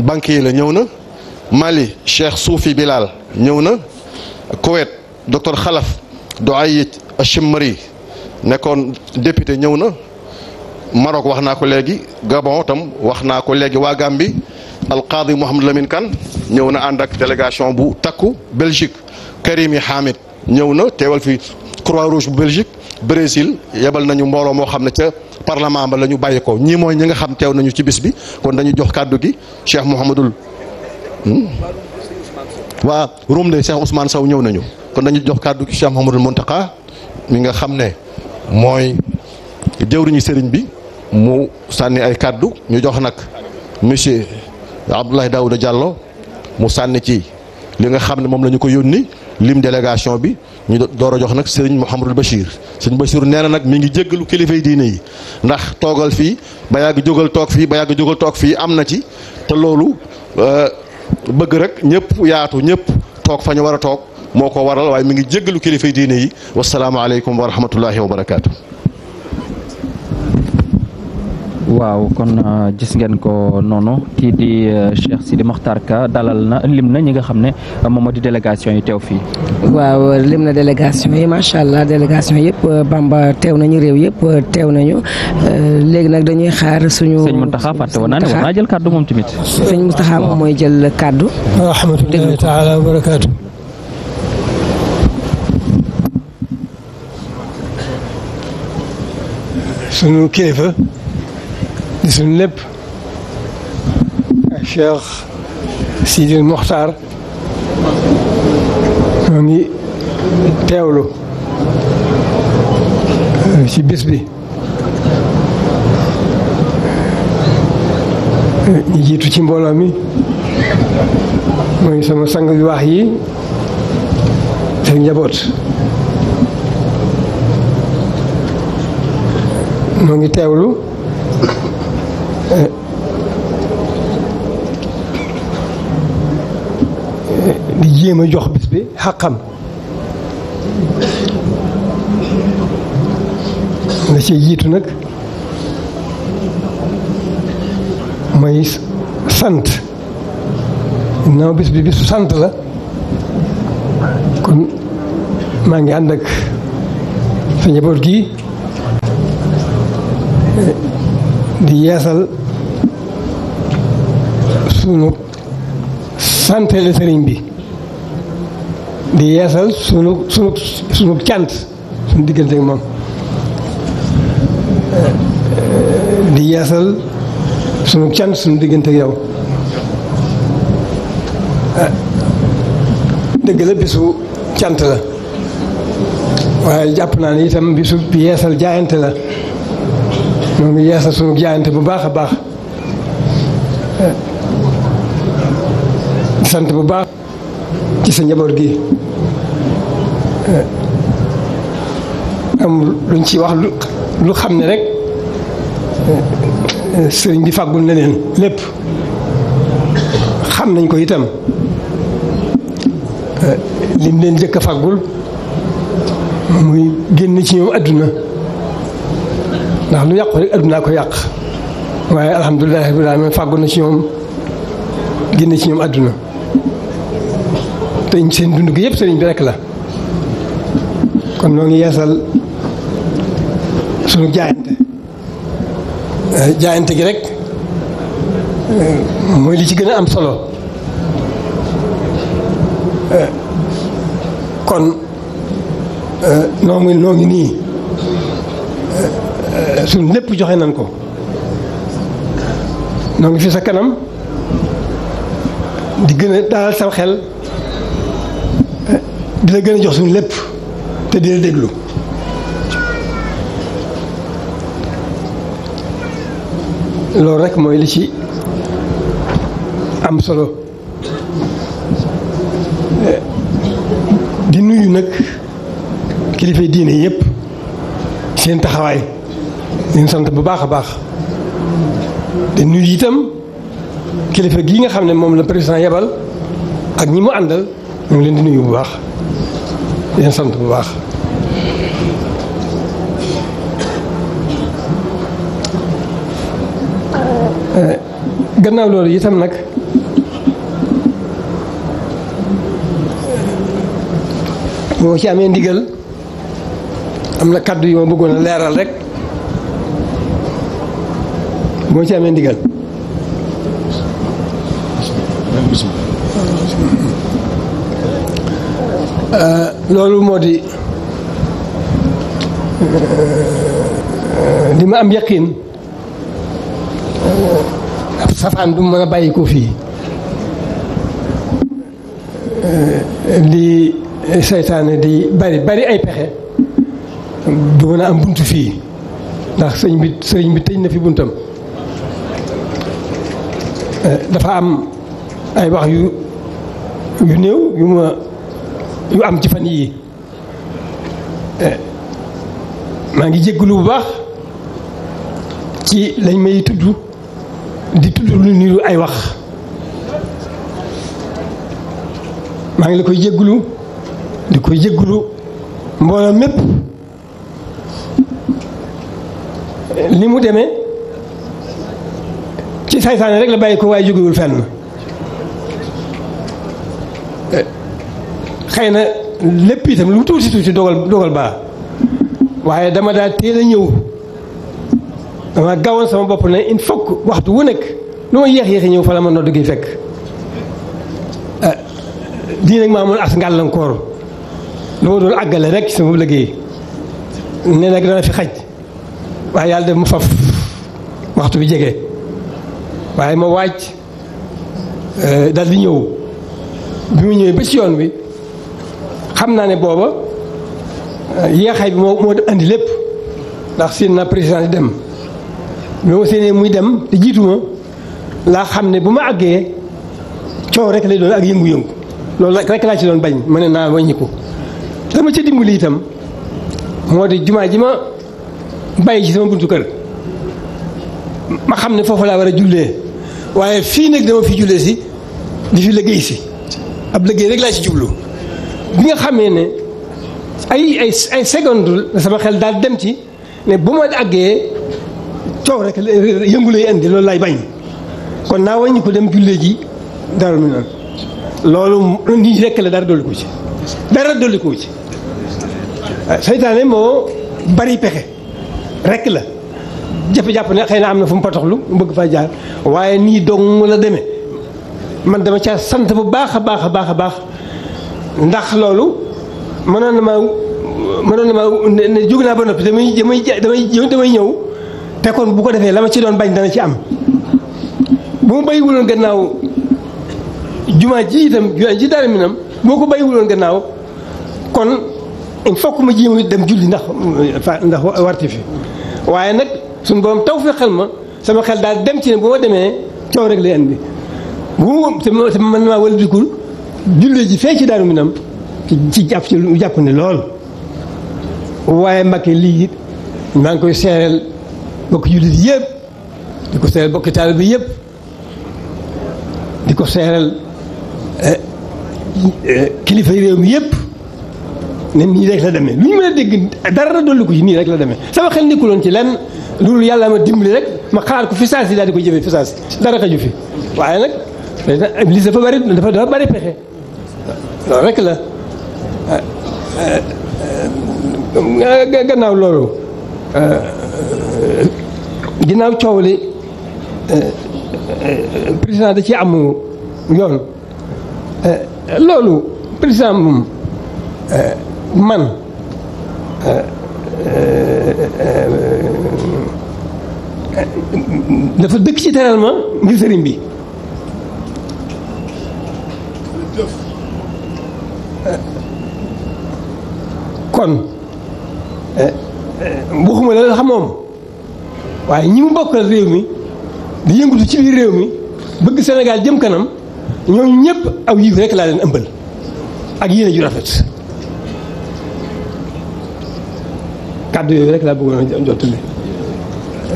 banque yi la ñëw na Mali Cheikh Soufi Bilal ñëw na Koweït docteur Khalaf Douayi Chimri nekkoon député ñëw na Maroc wax naa ko léegi Gabon tam wax naa ko léegi waa Gambie alqaadi Mouhamed Lamine Kane ñëw na ànd ak délégation bu takku Belgique Karimi Hamid ñëw na teewal fi Croix Rouge bu Belgique Brésil yebal nañu mbooloo moo xam ne ca parlement ba la ñu bàyyi ko ñii mooy ñi nga xam teew nañu ci bis bi kon dañu jox kàddu gi Cheikh Mouhamadul hmm? waa Roum de ñëw nañu kon dañu jox kàddu gi Cheikh Mouhamadul Mountakha mi nga xam ne mooy jëwriñu sëriñ bi mu sànni ay kàddu ñu jox nag monsieur. Abdoulaye Daouda jàllo mu sànni ci li nga xam ne moom lañu ñu ko yónni lim délégation bi ñu door a jox nag Serigne Mouhamadul Bachir Serigne Bachir nee na nag mi ngi jéggalu kilifa yi diine yi ndax toogal fii ba yàgg jógal toog fii ba yàgg jógal toog fii am na ci te loolu euh, bëgg rek ñëpp yaatu ñëpp toog fa ñu war a toog moo ko waral waaye mi ngi jéggalu kilifa yi diine yi wasalaamaaleykum wa rahmatullahi wa barakaatu. waaw kon euh, gis ngeen ko noonu kii di euh, Cheikh Sidi Mokhtar Ka dalal na lim na ñi nga xam ne moom moo di délégation yi teew fii. waaw lim na délégation yi macha allah délégation yëpp euh, Bamba teew nañu réew yëpp teew nañu léegi nag dañuy xaar suñu. sëñ Mountakha fàtte woon naa jël kàddu moom tamit. sëñ Mountakha moom mooy jël kàddu. wa rahmatullahi taala barakaatu. suñu kilifa. di lépp ak Cheikh Sidil Mokhtar ñoo ngi teewlu ci bis bi ñu jiitu ci mbooloo mi mooy sama sang yu baax yi seen njaboot moo ngi teewlu di jéem a jox bis bi xàqam la ci jiitu nag mooy sant naaw bis bi bisu sant la kon maa ngi ànd ak gii di yeesal sunu santale sëriñ bi di yeesal sunu sunu sunu cant sunu diggante ak di yeesal sunu cant sunu diggante ak yow dëgg la bisu cant la waaye jàpp naa ne itam bisu yeesal jaayante la ñoo ngi yeesal suñu jaayante bu baax a baax sant bu baax ci sa njaboot gi am luñ ci wax lu xam ne rek sëriñ bi fàggul na leen lépp xam nañ ko itam lim leen jëkk a fàggul muy génn ci ñoom àdduna ndax lu yàqu rek addunaa ko yàq waaye alhamdulilah rabbil alamin fàggu na ci ñoom génn ci ñoom adduna te seen dund gi yëpp sëriñ bi rek la kon noo ngi yeesal sunu jaayante jaayante gi rek mooy li ci gën a am solo kon noo ngi noo ngi nii suñ lépp joxe nañ ko noo ngi fi sa kanam di gën a dalal sam xel di la gën a jox suñ lépp te di la déglu loolu rek mooy li ci am solo di nuyu nag kilifa diine yépp seen taxawaay di sant bu baax a baax te nuyu itam kilifa gi nga xam ne moom la président yebal ak ñi mu àndal ñu ngi leen di nuyu bu baax di sant bu baax. Eh, gannaaw loolu itam nag boo ci amee ndigal am na kàddu yu ma bëggoon a leeral rek. boo ci amee ndigal. Euh, loolu moo di euh, di ma am yaqin ab safaan du mën a bàyyi ko fii li euh, seytaane di bari bari ay pexe bu mën a am bunt fii ndax sëñ bi sëñ bi tëñ na fi buntam dafa am ay wax yu yu néew yu ma yu am ci fan yii maa ngi jégalu bu baax ci lañ may tudd di tudd lu niru ay wax maa ngi la koy jégalu di koy jégalu mbooloo mépp ni mu demee. ci saytaane rek la bàyyi ko waaye jógewul fenn xëy na lépp itam lu mu tuuti tuuti dogal dogal baa waaye dama daal teel a ñëw dama gawoon sama bopp na il faut waxtu wu nekk lu ma yéex yéexi ñëw fa la ma nodd gi fekk dii eh, nag maa amoon as ngàllankoor lu ma doon àggale rek sama liggéey ne nag dana fi xaj waaye yàlla def mu faf waxtu bi jege waaye ma wàcc euh, dal di ñëw bi mu ñëwee ba ci yoon bi xam naa ne booba euh, yeexaay bi moo moo andi lépp ndax seen na président di dem loo seenee muy dem te jiituma laa xam ne bu ma àggee coow rek lay doon ak yëngu-yëngu loolu rek laa ci doon bañ ma ne naa wàññi ko te dama ca dimbali itam moo di jumaa ji ma bàyyi ci sama buntu kër ma xam ne foofu laa war a jullee waaye fii nag dama fi jullee si di fi liggéey si ab liggéey rek laa ci jublu bi nga xamee ne ay ay ay sama xel daal dem ci ne bu ma àggee coow rek yëngu lay indi loolu laay bañ kon naa wàññi ko dem jullee ji Daaru Minaan loolu nii rekk la dara dolli ko ci dara dolli ci seytaane moo bari pexe rekk la. jëpp jàpp ne xëy na am na fu mu patoxlu mu bëgg faa jaar waaye nii dong la deme man dama caa sant bu baax a baax a baax a baax ndax loolu mënoon na ma mënoon na ma ne naa ba noppi damay damay damay damay ñëw te kon bu ko defee la ci doon bañ dana ci am bu ma gannaaw jumaa ji itam jumaa ji daara minam boo ko bàyyiwuloon gannaaw kon il faut que ma jéem dem julli ndax ndax warti fi waaye nag suñu borom taw fi xel ma sama xel daal dem ci ne bu ma demee coow rek lay andi bu te man maa wala dikul julli ji fee ci daaru minam ci jàpp ci lu jàpp ne lool waaye Mbacke lii it maa ngi koy seereel bokk jullit yëpp di ko seereel bokki taal bi yëpp di ko seereel kilifa réew mi yëpp ne nii rek la demee lu ñu mën a dégg dara dolli ko ci nii rek la demee sama xel nekkuloon ci lenn loolu yàlla ma dimbali rek ma xalaat ko fi saasi daal di ko jëfee fi dara xaju fi waaye nag iblis dafa bari dafa dafa bari pexe loolu rek la ginnaaw coow li président da ci am yoon loolu président moom man Euh, euh, euh, dafa dëkk ci teral ma ngir sëriñ bi kon waxuma la xam moom waaye ñi mu bokkal réew mi di yëngatu ci biir réew mi bëgg Sénégal jëm kanam ñooñu ñëpp aw yiw rekk laa leen ëmbal ak yéene ju rafet kàddu yooyu rek laa bëggoon a jottali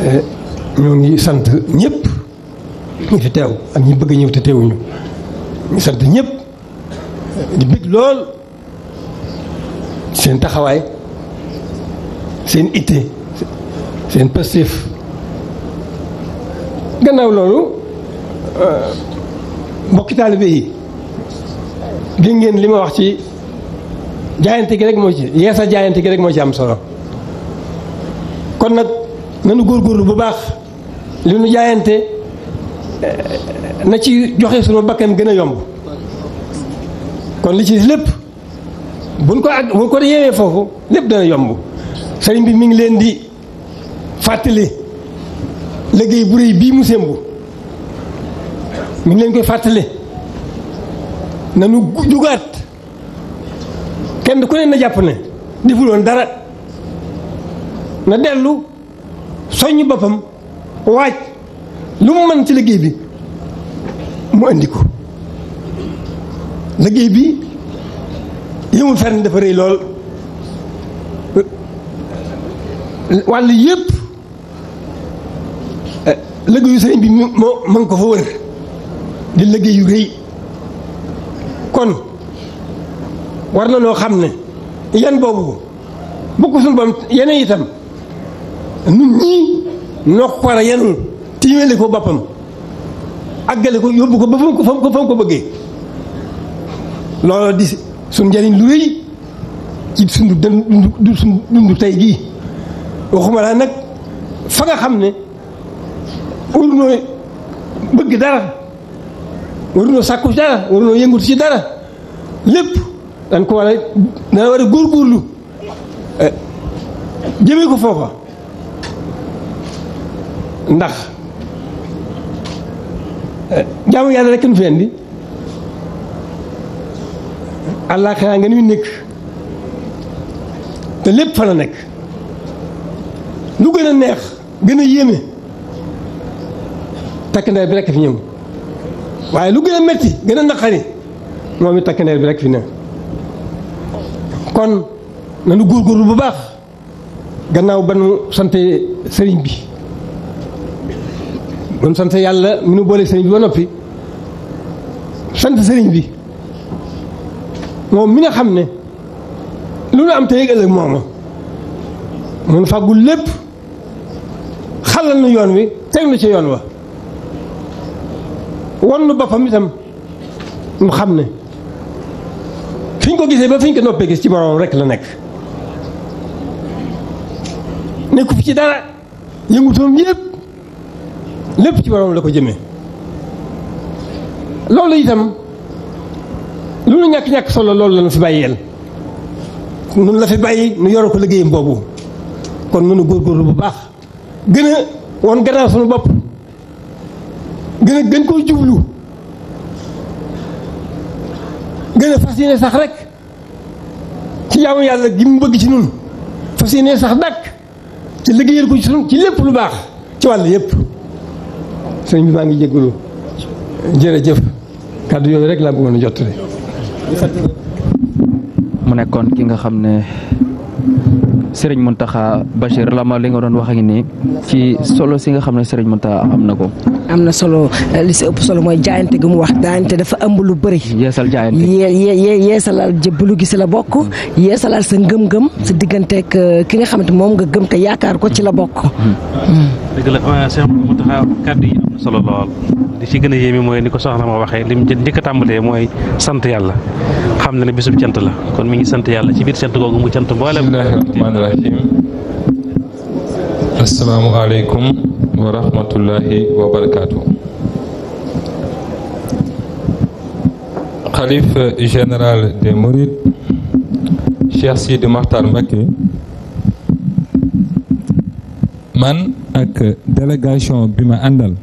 eh, ñoo ngi sant ñëpp ñi fi teew ak ñi bëgg ñëw te teewuñu ñu sant ñëpp di bég lool seen taxawaay seen itte seen pastéef gannaaw loolu eh, mbokki taalibe yi dégg ngeen li ma wax ci jaayante gi rek moo ci yeesa jaayante gi rek moo ci am solo kon nag nañu góorgóorlu bu baax li ñu jaayante eh, na ci joxe sunu bakkan gën a yomb kon li ci lépp buñ ko ak buñ ko yeewee foofu lépp dana yomb sëriñ bi mi ngi leen di fàttali liggéey bu réy bii mu sémbu mu ngi leen koy fàttali nanu jugaat kenn ku ne na jàpp ne defuloon dara na dellu soññ boppam waaj lu mu mën ci liggéey bi mu indi ko liggéey bi yëmul fenn dafa rëy lool wàll yépp eh, liggéeyu sëriñ bi moo ma ngi ko fa wër di liggéey rëy kon war na noo xam ne yan boobu bu suñu boom yeneen itam nun ñii para ko war a eh, ko boppam agale ko yobbu ko ba ko fam ko fam ko beugé lolo di sun jariñ lu rëy ci sunu dund sunu dund tay gi waxuma la nak fa nga xam urno beug dara urno sakku dara urno yëngutu ci dara lepp dan ko wala na wara gor gorlu góorgóorlu ko fofa ndax eh, jaamu yàlla rek nu fi indi àllaaxira nga nuy nekk te lépp fa la nekk lu gën a neex gën a yéeme takk bi rekk fi ñëw waaye lu gën a metti gën a naqari moom it takk bi rekk fi ñëw kon nanu góorgóorlu bu baax gannaaw ba nu sante sëriñ bi doon sant yàlla mi nu boole sëriñ bi ba noppi sant sëriñ bi moom mi nga xam ne lu nu am te yëg ëllëg mooma mun fàggul lépp xalal nu yoon wi teg na ci yoon wa won nu boppam itam mu xam ne fi ñu ko gisee ba fi ñu ko noppee gis ci boroom rekk la nekk nekku fi ci dara yëngutoom yépp lépp ci borom la ko jëmee loolu itam lu nu ñàkk ñàkk solo loolu la nu fi bàyyeel nun la fi bàyyi nu yore ko liggéeyam boobu kon góor góorgóorlu bu baax gën a woon gannaaw sunu bopp gën a gën koo jublu gën a fas yéene sax rek ci yaamu yàlla gi mu bëgg ci nun fas yéene sax dàkk ci liggéeyal ko ci ci lépp lu baax ci wàll yépp sëñ bi maa ngi jégalu jërëjëf kàddu yooyu rek laa bëggoon a jottali mu nekkoon ki nga xam ne Serigne Mountakha Bachir Lama li nga doon wax ak nii ci solo si nga xam ne Serigne Mountakha am na ko. am na solo li si ëpp solo mooy jaayante gi mu wax jaayante dafa ëmb lu bëri. yeesal jaayante yee yeesalal jébbalu gi si la bokk. yeesalal sa ngëm-ngëm sa digganteeg euh, ki nga xamante moom nga gëm te yaakaar ko ci la bokk. Hmm. dëgg la Serigne euh, Mountakha kàddu yi solo lool li ci gën a mooy ni ko soxna ma waxee lim njëkk a tàmbalee mooy sant yàlla. xam na ne bisub cant la kon mi ngi sant yàlla ci biir cant googu mu cant mboolem. rahmaani rahim asalaamualeykum wa rahmatullahi wa barakaatu. xalif général des Mourides Cheikh Sidi Makhtar Mbacké man ak délégation bi ma àndal.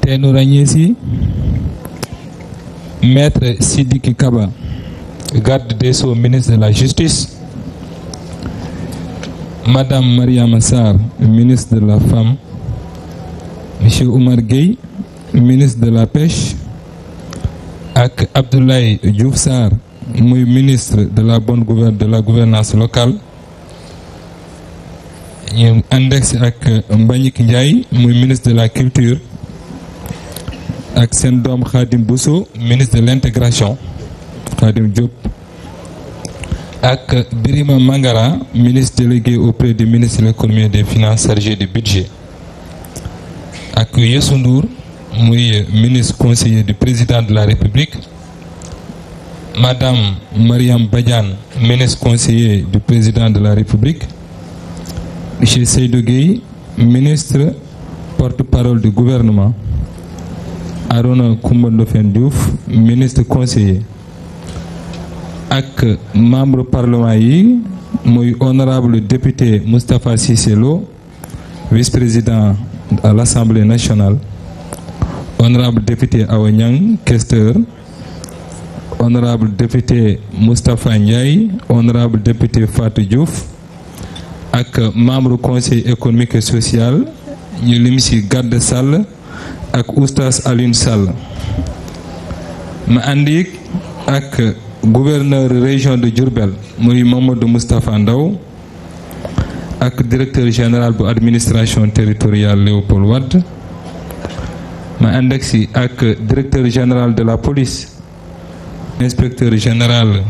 te Maître Sidiki Kaba, garde des Sceaux, ministre de la Justice, Madame Maria Massar, ministre de la Femme, Monsieur Oumar Gueye, ministre de la Pêche, ak Abdoulaye Diouf ministre de la bonne de la gouvernance locale ñu avec ak Ndiaye ministre de la culture ak Khadim Bousso ministre de l'intégration Khadim Diop ak Birima Mangala, ministre délégué auprès du ministre de l'économie et des finances chargé du budget ak Youssou ministre conseiller du président de la République Madame Mariam Badiane ministre conseiller du président de la République Monsieur Seydou Gueye ministre porte-parole du gouvernement Arona Coumba ministre conseiller ak membre parlement mon honorable député Mustapha Sisselo, vice-président à l'Assemblée nationale honorable député Awenyang Kester, honorable député Moustapha Ndiaye honorable député Fatou Diouf ak membre conseil économique et social nous Garde salle ak oustaz aline Sall ma avec ak gouverneur région de Djourbel muy Mamadou Moustapha Ndaw ak directeur général de l'administration territoriale Léopold Wad ma ànd directeur général de la police inspecteur général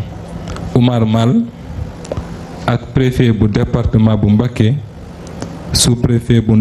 Omar Mal ak préfet du département bu Mbacké sous-préfet bu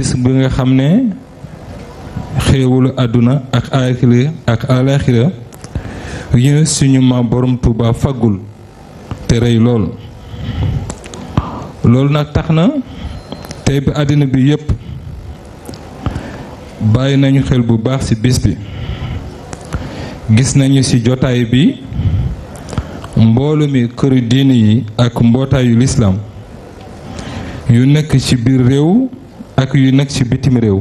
risque bi nga xam ne xéewalu àdduna ak alaaxira ak alaaxira yu suñu ma borom Tuuba faggul te rey lool loolu nag tax na tey bi àddina bi yépp bàyyi nañu xel bu baax ci bis bi gis nañu ci jotaay bi mboolu mi këru diini yi ak mbootaayu lislaam yu nekk ci biir réew ak yu nag ci bitim réew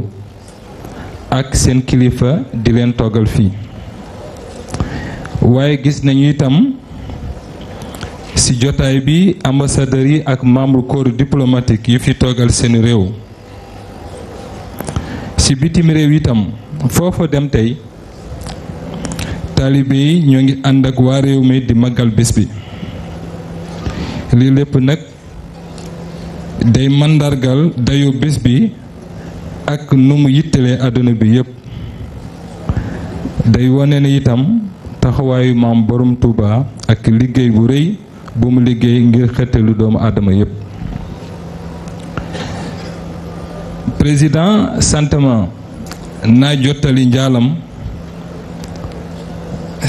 ak seen kilifa di leen toggal fii waaye gis nañu itam ci jotaay bi ambassadeurs yi ak membre corps diplomatique yu fi toogal seen réew ci bitim réew itam foofa dem tey taalibe yi ñoo ngi ànd ak waa réew mi di màggal bés bi lii lépp nag day màndargal dayu bés bi ak nu mu yittalee àdduna bi yépp day wane ne itam taxawaayu maam boroom Touba ak liggéey bu rëy bu mu liggéey ngir xettalu doomu aadama yépp président santema naa jotali njaalam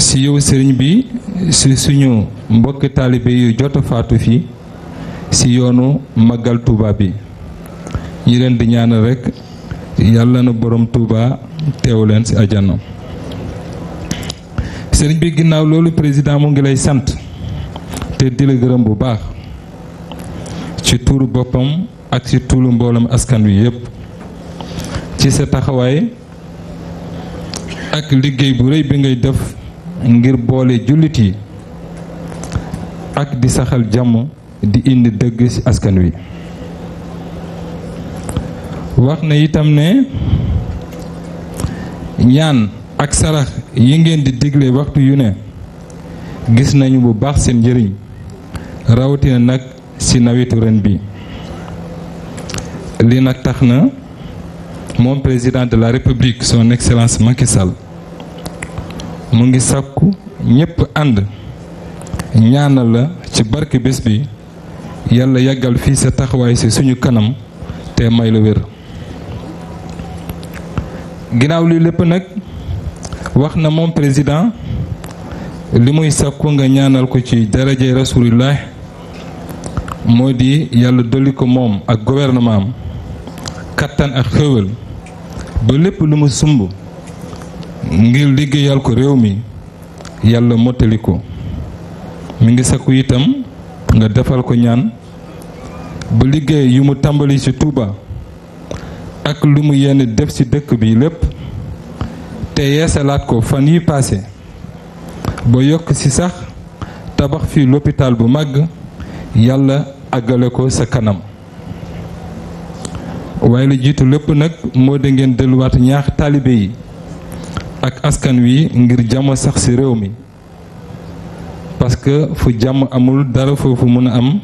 ci yow sëriñ bi ci suñu mbokk taalibe yu jot faatu fii si yoonu magal Touba bi ñi leen di ñaan rek yalla na borom Touba teew leen ci aljanna señ bi ginnaw lolu président mo ngi lay sant te di la gërëm bu baax ci tuuru bopam ak ci tuuru mbolam askan wi yépp ci sa taxaway ak liggey bu reuy bi ngay def ngir bolé jullit yi ak di saxal jamm di indi dëgg ci askan wi wax na itam ne ñaan ak sarax yi ngeen di digle waxtu yu ne gis nañu bu baax seen njëriñ rawatina nag ci nawetu ren bi li nag tax na moom président de la république son excellence makisal mu ngi sàkku ñépp ànd ñaanal la ci barke bés bi yàlla yàggal fii sa taxawaay si suñu kanam te may la wér ginnaaw lii lépp nag wax na moom président li muy sàkku nga ñaanal ko ci darajay rasulillah moo di yàlla dolli ko moom ak gouvernement am kattan ak xéwal ba lépp lu mu sumb ngir liggéeyal ko réew mi yàlla mottali ko mi ngi sàkku itam nga defal ko ñaan ba liggéey yu mu tàmbali ci Touba ak lu mu yenn def ci dëkk bi lépp te yeesalaat ko fan yi passé ba yokk ci sax tabax fi l'hôpital bu màgg yàlla àggale ko sa kanam waaye la jiitu lépp nag moo da ngeen delluwaat ñaax taalibe yi ak askan wi ngir jàmm sax ci réew mi parce que fu jàmm amul dara foofu mën a am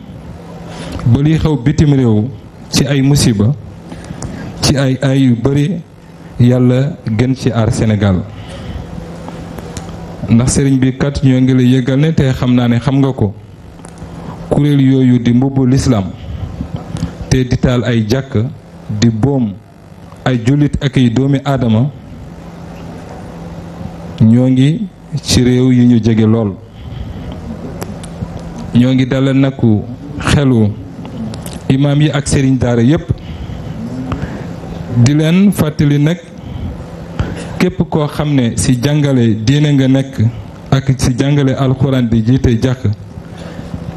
bali li xew bitim réew ci ay musiba ci ay ay yu bari yàlla gën ci ar senegal ndax sëriñ bi kat ñoo ngi la yëgal ne te xam naa ne xam nga ko kuréel yooyu di mbubbu lislaam te di taal ay jàkk di boom ay jullit ak ay doomi aadama ñoo ngi ci réew yi ñu jege lool ñoo ngi dalal naku xelu imam yi ak sëriñ daara yépp di leen fàttali nag képp koo xam ne ci jàngale diine nga nekk ak ci jàngale alxuraan di jiite jàkk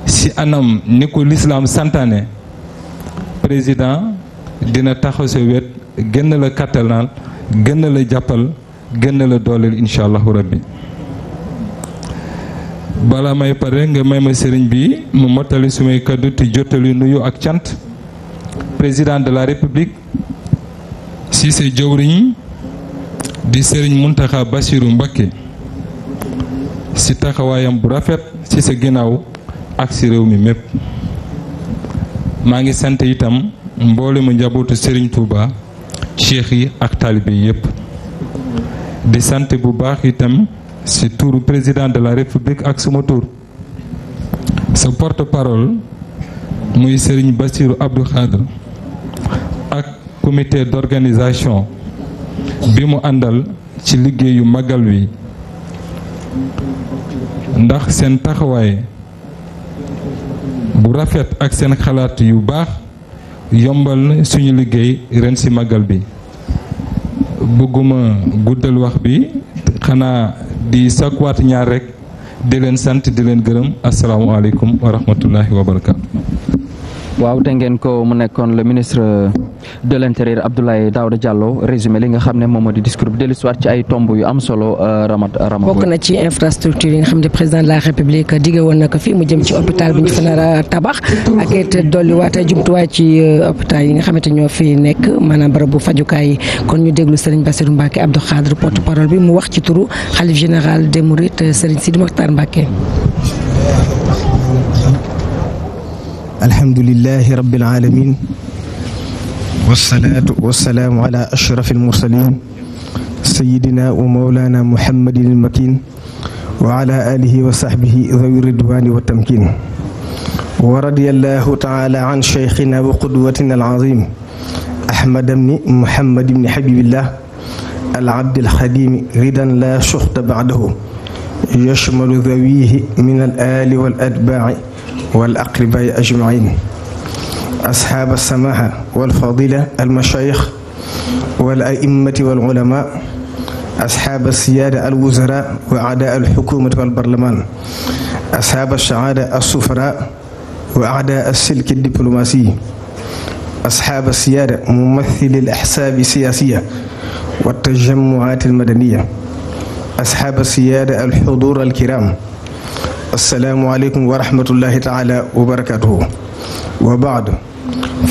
ci anam ni ko lislaam santaane président dina taxaw sa wet gën la kattanal gën la jàppal gën la dooleel incha allahu rabbi balaa may pare nga may ma sëriñ bi mu mottali sumay kaddu te jottali nuyu ak cant président de la république si sa jëwriñ di sëriñ Muntaxa Basiru Mbakke ci taxawaayam bu rafet ci sa ginnaaw ak ci réew mi mépp maa ngi sant itam mboole mu njabootu sëriñ Touba cheikh yi ak taalibe yépp di sant bu baax itam c'est tout le président de la république ak son porte-parole muy Serigne Bassirou Abdou comité d'organisation Bimo Andal, àndal ci Magalui, màggal wi ndax Aksen Khalat bu rafet yombal suñu Rensi ren ci màggal bi bëgguma guddal wax bi di sakkuwaat ñaar rek di leen sant di leen gërëm asalaamaaleykum wa rahmatullahi wa barakaatu. waaw te ngeen ko mu nekkoon la ministre. de l'intérieur Abdoulaye Daouda Diallo résumé li nga xam ne moom moo di discours bi dellu si waat ci ay tomb yu am solo ramat euh, ramat. bokk na ci infrastructure yi nga xam ne président de la république dige woon na ko fi mu jëm ci hôpital bi ñu fa nar a tabax ak dolliwaat ay jumtuwaay ci euh, hôpital yi nga xamante ñoo fi nekk maanaam barabu fajukaay yi kon ñu déglu Serigne Bassirou Mbacke Abdou Khadre porte parole bi mu wax ci turu xalif général des Mourides euh, Serigne Sidi Mokhtar Mbacke. alhamdulilah rabbil alamin والصلاة والسلام على أشرف المرسلين سيدنا ومولانا محمد المكين وعلى آله وصحبه ذوي الردوان والتمكين ورضي الله تعالى عن شيخنا وقدوتنا العظيم أحمد بن محمد بن حبيب الله العبد الخديم غدا لا شخط بعده يشمل ذويه من الآل والأتباع والأقرباء أجمعين أصحاب السماحة والفضيلة المشايخ والأئمة والعلماء أصحاب السيادة الوزراء وأعداء الحكومة والبرلمان أصحاب الشعادة السفراء وأعداء السلك الدبلوماسي أصحاب السيادة ممثل الأحساب السياسية والتجمعات المدنية أصحاب السيادة الحضور الكرام السلام عليكم ورحمة الله تعالى وبركاته وبعد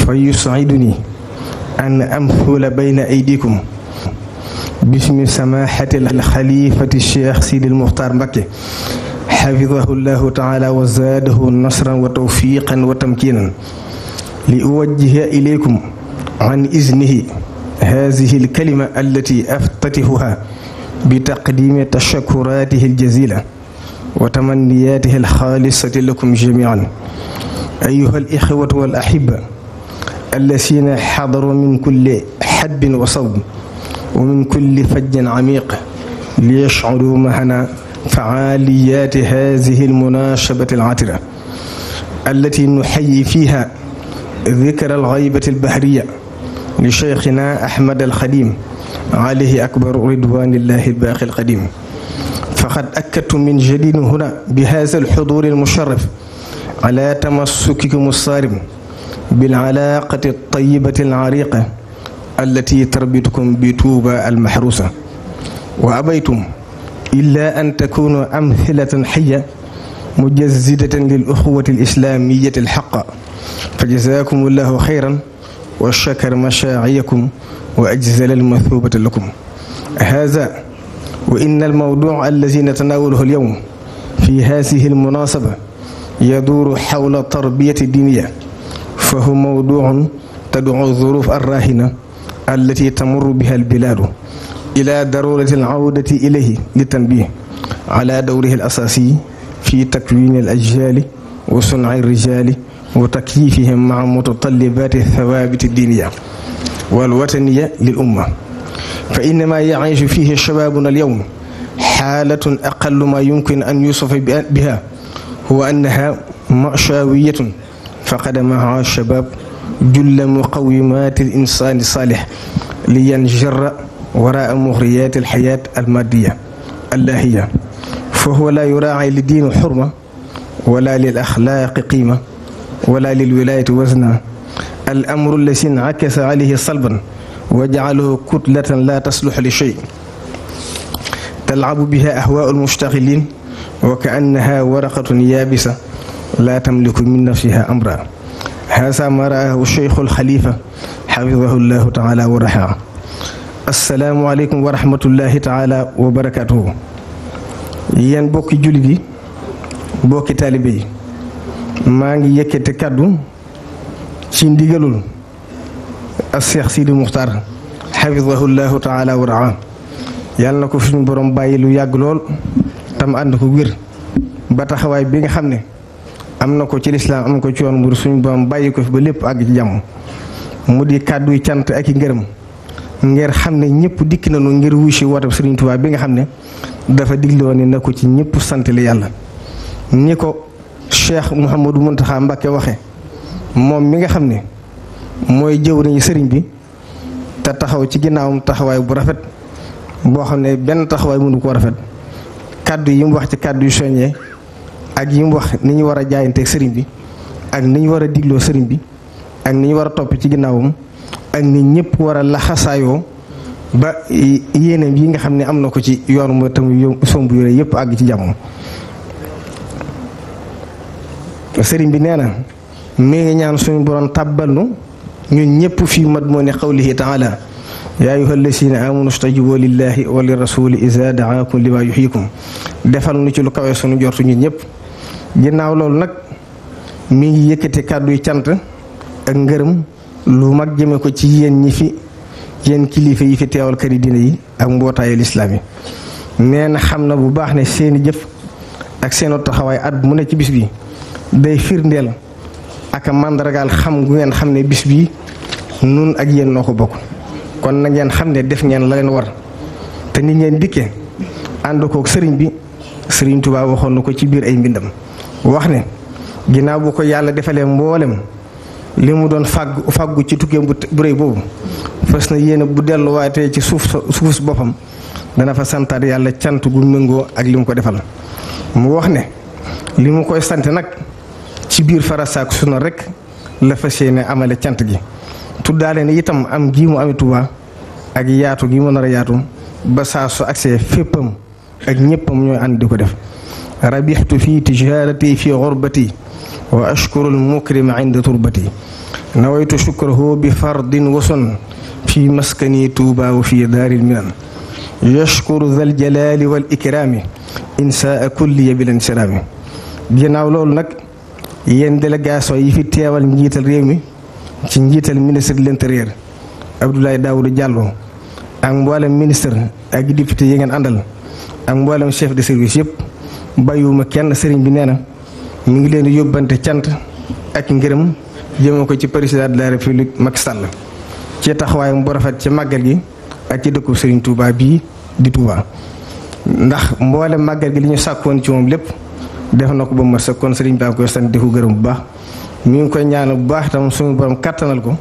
فيسعدني أن أمثل بين أيديكم باسم سماحة الخليفة الشيخ سيد المختار مكي حفظه الله تعالى وزاده نصرا وتوفيقا وتمكينا لأوجه إليكم عن إذنه هذه الكلمة التي أفتتحها بتقديم تشكراته الجزيلة وتمنياته الخالصة لكم جميعا أيها الإخوة والأحبة الذين حضروا من كل حب وصوب ومن كل فج عميق ليشعروا معنا فعاليات هذه المناشبة العطرة التي نحيي فيها ذكر الغيبة البحرية لشيخنا أحمد الخديم عليه أكبر رضوان الله الباقي القديم فقد أكدت من جديد هنا بهذا الحضور المشرف على تمسككم الصارم بالعلاقة الطيبة العريقة التي تربطكم بتوبة المحروسة وأبيتم إلا أن تكونوا أمثلة حية مجزدة للأخوة الإسلامية الحقة فجزاكم الله خيرا وشكر مشاعيكم وأجزل المثوبة لكم هذا وإن الموضوع الذي نتناوله اليوم في هذه المناسبة يدور حول التربية الدينية فهو موضوع تدعو الظروف الراهنة التي تمر بها البلاد إلى ضرورة العودة إليه للتنبيه على دوره الأساسي في تكوين الأجيال وصنع الرجال وتكييفهم مع متطلبات الثوابت الدينية والوطنية للأمة فإن ما يعيش فيه شبابنا اليوم حالة أقل ما يمكن أن يوصف بها هو أنها مأشاوية فقد فقدمها الشباب جل مقومات الإنسان الصالح لينجر وراء مغريات الحياة المادية اللاهية فهو لا يراعي للدين حرمة ولا للأخلاق قيمة ولا للولاية وزنا الأمر الذي انعكس عليه صلبا وجعله كتلة لا تصلح لشيء تلعب بها أهواء المشتغلين وكأنها ورقة يابسة لا تملك من نفسها أمرا هذا ما رآه الشيخ الخليفة حفظه الله تعالى ورحاه الsalaamu aleykum wa rahmatullahi taala wa barakaatuhu yéen bokki jullit yi bokki taalibe yi maa ngi yëkkati kàddu ci ndigalul a Seex Sidi Muxtaar xafidahullahu taala wa raa yàlla na ko suñu borom bàyyi lu yàgg lool tam ànd ko wér ba taxawaay bi nga xam ne am na ko ci lislaam am ko ci yoon mbir suñu borom bàyyi ko fi ba lépp ak ci jàmm mu di kàddu kàdduy cant ak i ngërëm ngir xam ne ñëpp dikk nañu ngir wuy si woote Sëriñ Tuubaa bi nga xam ne dafa digle ni ne na ko ci ñëpp sant li yàlla ni ko Cheikh Mouhamadou Mountakha Mbacké waxe moom mi nga xam ne mooy jëw jëwriñu sëriñ bi te taxaw ci ginnaawam taxawaay bu rafet boo xam ne benn taxawaay mënu koo rafet kàddu yi mu wax ci kàddu yu soññee ak yi mu wax ni ñu war a jaayanteeg sëriñ bi ak ni ñu war a digloo sëriñ bi ak ni ñu war a topp ci ginnaawam ak ni ñëpp war a laxasaayoo ba yéeneem yi nga xam ne am na ko ci yoon mu tam somb yore yëpp àgg ci jàmm sëriñ bi nee na mi ngi ñaan suñu borom tàbbal ñëpp fii mat moo ne qawlihi taala yaa ayuha allasina amanu stajibu lillahi wa li rasuli isa daakum lima yuxiikum defal nu ci lu kawee suñu jortu ñun ñëpp ginnaaw loolu nag mi ngi yëkkati kàddu yu cant ak ngërëm lu mag jëme ko ci yéen ñi fi yéen kilifa yi fi teewal këri diine yi ak mbootaayu lislaam yi nee na xam na bu baax ne seeni jëf ak seen taxawaay at mu ne ci bis bi day firndeel ak màndargaal xam gu ngeen xam ne bis bi nun ak yéen noo ko bokk kon na ngeen xam ne def ngeen la leen war te nit ngeen dikke ànd kook sëriñ bi sëriñ Tuubaa waxoon na ko ci biir ay mbindam wax ne ginnaaw bu ko yàlla defalee mboolem li mu doon fàgg fàggu ci tukkeem bu réy boobu fës na yéene bu delluwaatee ci suuf suuf boppam dana fa santaat yàlla cant gu méngoo ak li mu ko defal mu wax ne li mu koy sant nag ci biir farasaak suna rek la fas ne amale cant gi tuddaale ne itam am gi mu ami Tuuba ak yaatu gi mu nar yaatu ba saa su agsee féppam ak ñéppam ñooy ànd di ko def ربحت في تجارتي في غربتي وأشكر المكرم عند تربتي نويت شكره بفرد وسن في مسكني توبا وفي دار المنن يشكر ذا الجلال والإكرام إن ساء كلي بالانسلام بينا ولول نك يندل غاسو يفي تيوال نجيتال ريمي ci njiital ministre de l'intérieur abdoulaye daoudou diallo ak mbolam ministre ak député yi ngeen andal ak mbolam chef de service bàyyiwuma kenn sëriñ bi nee na mu ngi leen di yóbbante cant ak ngërëm jëme ko ci président de la république Macky Sall cee taxawaayam bu rafet ci màggal gi ak ci dëkku sëriñ Touba bii di Touba. ndax mboole màggal gi li ñu sàkkoon ci moom lépp def na ko ba ma sëkkoon sëriñ baa koy sant di ko gërëm bu baax mu ngi koy ñaana bu baax tam suñu borom kattanal ko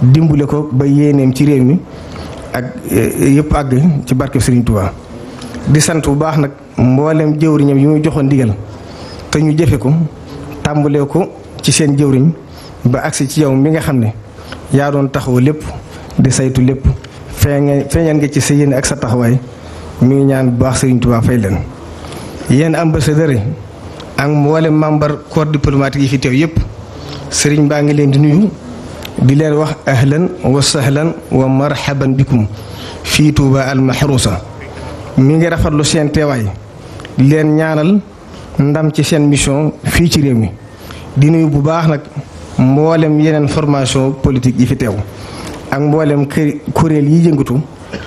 dimbale ko ba yéeneem ci réew mi ak eh, yëpp àgg ci barke sëriñ Touba. di sant bu baax nag mboolem jëwriñam yi mu joxoon ndigal te ñu jëfe ko tàmbalee ko ci seen jëwriñ ba agsi ci yow mi nga xam ne yaa doon taxaw lépp di saytu lépp feeñal feeñal nga ci sëyin ak sa taxawaay mi ngi ñaan bu baax Serigne Touba fay leen. yéen ambassadeur yi ak mboolem membre corps diplomatique yi fi teew yépp sëriñ baa ngi leen di nuyu di leen wax ahlan wa sahlan wa marhaban bikum fii Touba al mi ngi rafetlu seen teewaay leen ñaanal ndam ci seen mission fii ci réew mi di nuyu bu baax nag mboolem yeneen formation politique yi fi teew ak mboolem kër kuréel yi yëngatu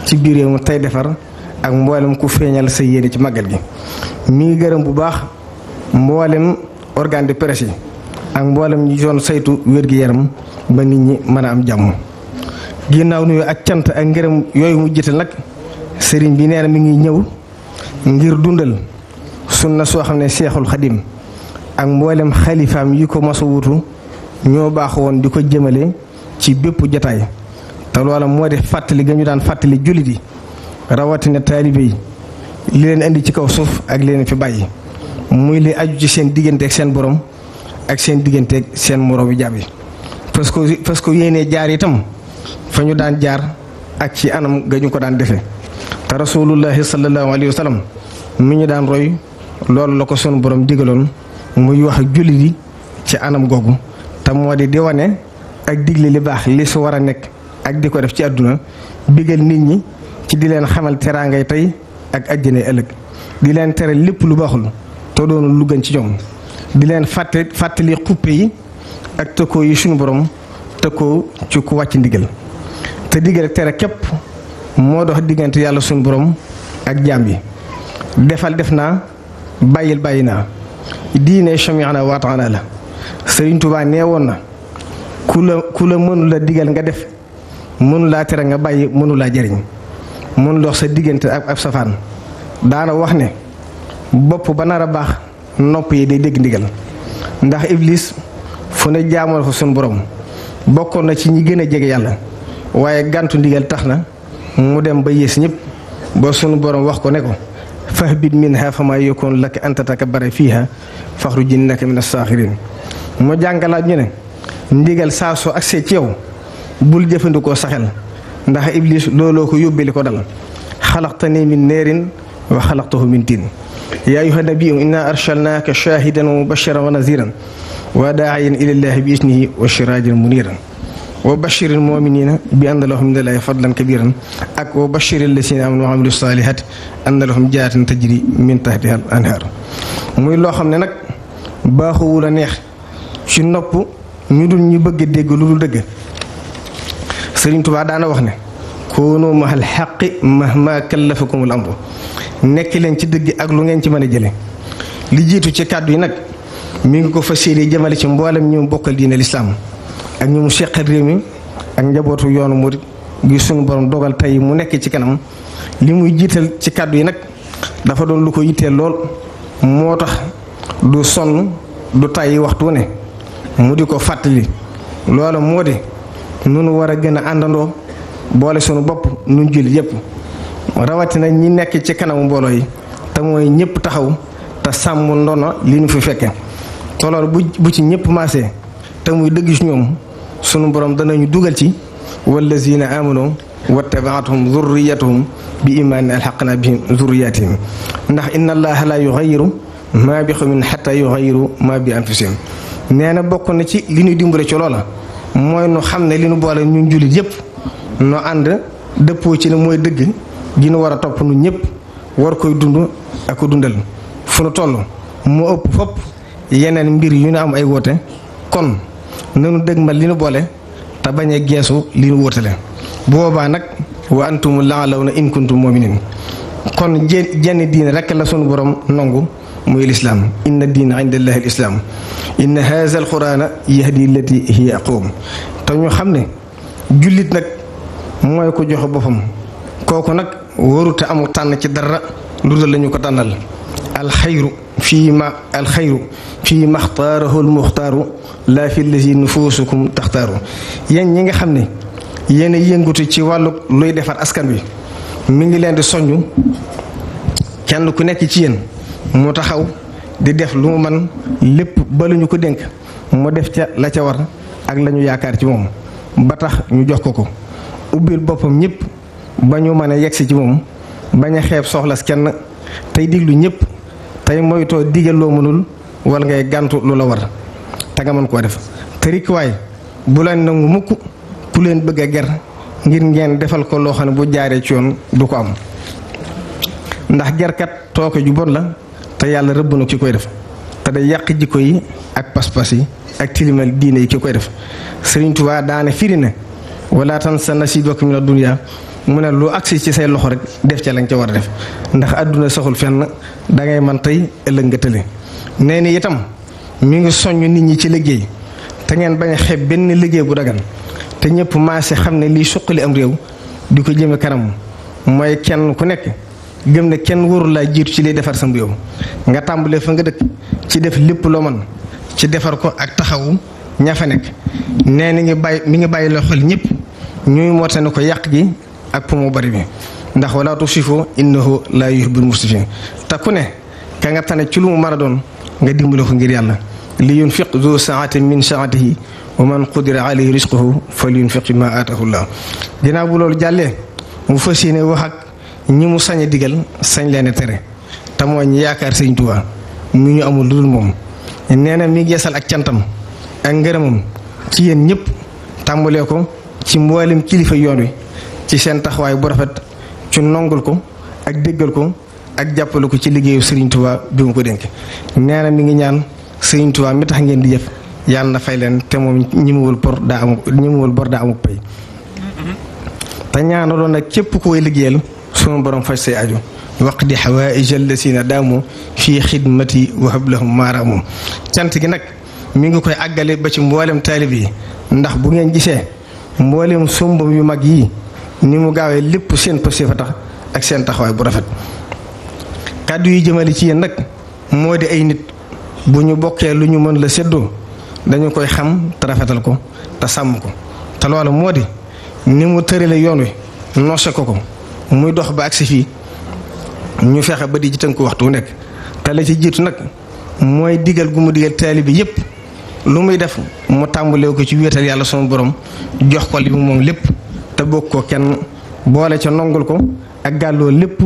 ci biir réew tey defar ak mboolem ku feeñal sa yéene ci màggal gi mi ngi gërëm bu baax mboolem organe de presse yi ak mboolem ñu saytu wér-gi-yaram ba nit ñi mën a am jàmm ginnaaw nuyu ak cant ak ngërëm yooyu mu jiital nag. sëriñ bi nee na mi ngi ñëw ngir dundal na soo xam ne seexul xadim ak mboolem xalifaam yi ko mos a wutu ñoo baax woon di ko jëmale ci bépp jataay te loola moo di fàttali nga ñu daan fàttali jullit yi rawatina taalibe yi li leen indi ci kaw suuf ak leen fi bàyyi muy li aju ci seen diggante ak seen borom ak seen diggante ak seen moroomi jaam yi parce que parce que yéenee jaar itam fa ñu daan jaar ak ci anam ga ñu ko daan defee. te rasulullahi sallallahu alayhi mu ñu daan roy loolu la ko sunu borom digaloon muy wax ak jullit yi ci anam googu te moo di di wane ak digle li baax li su war a nekk ak di ko def ci àdduna bigal nit ñi ci di leen xamal teraangay tey ak àjjana ëllëg di leen tere lépp lu baaxul te doonu lu gën ci ñoom di leen fàtte fàttali xuppe yi ak tëkkoo yi suñu boroom tëkkoo ci ku wàcc ndigal te digal tere képp. moo dox diggante yàlla suñ borom ak jaam yi defal def naa bàyyil bàyyi naa diine chamiana waataana la sëriñ Tuubaa nee woon na ku la ku la mënula diggal nga def mënu laa tere nga bàyyi mënu laa jëriñ mënu sa diggante ak ab safaan daana wax ne bopp ba nar a baax nopp yi day dégg ndigal ndax iblis fu ne jaamoon fa suñu boroom bokkoon na ci ñi gën a jege yàlla waaye gàntu ndigal tax na mu dem ba yées ñëpp ba sunu borom wax ko ne ko fahbit minha famaa yakun laka an tatakabbara fiha fakhruj innaka mina as-saakhirin mu jàngalaat ñu ne ndigal saa agsee ci yow bul jëfandikoo saxel ndax iblis looloo ko yóbbeli ko dal xalaqtani min neerin wa xalaqtahu min tin yaa ayyuha inna arsalnaaka shaahidan wa mubashiran wa naziran wa daa'iyan ila llahi bi isnihi wa sirajan muniran وبشر المؤمنين بأن لهم دلائل فضلا كبيرا أك وبشر الذين آمنوا وعملوا الصالحات أن لهم جات تجري من تحتها الأنهار موي لو خامني نك باخو ولا نيه شي نوب ني دول ني بëgg دégg لودو دëgg سيرين توبا دانا واخني كونوا مع الحق مهما كلفكم الامر نك لين سي دëgg اك لو نين سي مانا جيلي لي جيتو سي كادوي نك مي نكو فاسيري جمالي سي مبولم نيو بوكال دين الاسلام ak ñoom seqal réew mi ak njabootu yoonu murit gi suñu borom dogal tey mu nekk ci kanam li muy jiital ci kàddu yi nag dafa doon lu ko yitteel lool moo tax du sonn du tàyyi waxtu ne mu di ko fàttali loola moo di nu nu war a gën a àndandoo boole sunu bopp nu jullit yépp rawatina ñi nekk ci kanamu mbooloo yi te mooy ñëpp taxaw te sàmm ndono li ñu fi fekke toloor bu bu ci ñëpp maasee te muy dëgg ci ñoom sunu borom ñu dugal ci wallazina amanu wattabaatuhum zurriyatuhum bi imaanin alxaqna naa zurriyatihim ndax inna allaha la yuxayiru maa bi xawmin xatta yuxayiru ma bi anfusihim nee na bokk na ci li ñu dimbale ci loola mooy nu xam ne li ñu boole ñun jullit yëpp nu ànd dëppoo ci ne mooy dëgg gi nu war a topp nu ñëpp war koy dund ak ko dundal fu nu toll moo ëpp fopp yeneen mbir yu ñu am ay woote kon nanu dëgmal li nu boole te bañ a geesu li nu wóotale boobaa nag wa antum laalawna in kuntum muminin kon jenn diine rek la sunu borom nangu muy lislaam inna diina inda allahi lislaam inna haza alqurana yahdi lati hiya aqoom te ñu xam ne jullit nag mooy ko joxe boppam kooku nag waruta amul tànn ci dara lu dul la ko tànnal alxayru fii ma alxayru fii maxtaarahu almuxtaaru laa fi lazi nufuusukum taxtaaru yéen ñi nga xam ne yéen a yëngatu ci wàllu luy defar askan wi mi ngi leen di soññ kenn ku nekk ci yéen mu taxaw di def lu mu man lépp ba lu ñu ko dénk mu def ca la ca war ak lañu yaakaar ci moom ba tax ñu jox ko ko ubbil boppam ñëpp ba ñu mën a yegsi ci moom bañ a xeeb soxlas kenn tey diglu ñëpp. tey moytoo digal loo mënul wala ngay gàntu lu la war te nga mën koo def tërikuwaay rikkuwaay bu leen nangu mukk ku leen bëgg a ger ngir ngeen defal ko loo xam ne bu jaaree ci yoon du ko am ndax gerkat tooke ju bon la te yàlla rëbb na ki koy def te day yàq jikko yi ak pas-pas yi ak tilimal diine yi ki koy def Sëriñ Tuubaa daane firi ne wala tan sa nasibaka mina dunya mu ne lu agsi ci say loxo rek def ca lañ ca war a def ndax àdduna saxul fenn da ngay man tey ëllëg nga tële nee na itam mu ngi soññ nit ñi ci liggéey te ngeen bañ a xeeb benn liggéey bu dagan te ñëpp maase xam ne lii suqali am réew di ko jëme kanam mooy kenn ku nekk gëm ne kenn warul laa jiitu ci liy defar sa réew nga tàmbalee fa nga dëkk ci def lépp loo man ci defar ko ak taxawum ña fa nekk nee na ngi bàyyi mi ngi bàyyi loo xol ñëpp ñuy mootane ko yàq gi ak pour mu bari bi ndax wala tusifu innahu laa yuhibbul musrifin te ku ne ka nga tane ci lu mu doon nga dimbale ko ngir yàlla li yunfiq zu saatin min saatihi wa man qudira alayhi risquhu fal yunfiq ma aatahu llah ginnaaw bu loolu jàllee mu fas yéene wax ak ñi mu sañe digal sañ leen a tere te mooy ñi yaakaar sëñ Tuubaa mu ñu amul lu dul moom nee na mi geesal ak cantam ak ngërëmam ci yéen ñëpp tàmbalee ko ci mboolem kilifa yoon wi ci seen taxawaay bu rafet ci nongul ko ak déggal ko ak jàppale ko ci liggéeyu Serigne Touba bi ko dénk nee na mi ngi ñaan Serigne Touba mi tax ngeen di jëf yàlla na fay leen te moom ñimuwul bor daa am ñimuwul amuk pay te ñaanaloon nag képp koy liggéeyal sunu borom faj say aju waq di xawaaij allasina daamu fii xidmati wa hablahum maaraamu cant gi nag mu ngi koy àggale ba ci mboolem taalib yi ndax bu ngeen gisee mboolem sombam yu mag yi ni mu gaawee lépp seen posté fa tax ak seen taxawaay bu rafet kàddu yi jëmale ci yéen nag moo di ay nit bu ñu bokkee lu ñu mën la séddoo dañu koy xam te rafetal ko te sàmm ko te loolu moo di ni mu tërale yoon wi noose ko ko muy dox ba agsi fii ñu fexe ba di jitanku waxtu wu nekk te la ci jiitu nag mooy digal gu mu digal taalibe bi yépp lu muy def mu tàmbalee ko ci wéetal yàlla sunu borom jox ko li moom lépp te bokk ko kenn boole ca nongul ko ak gàlloo lépp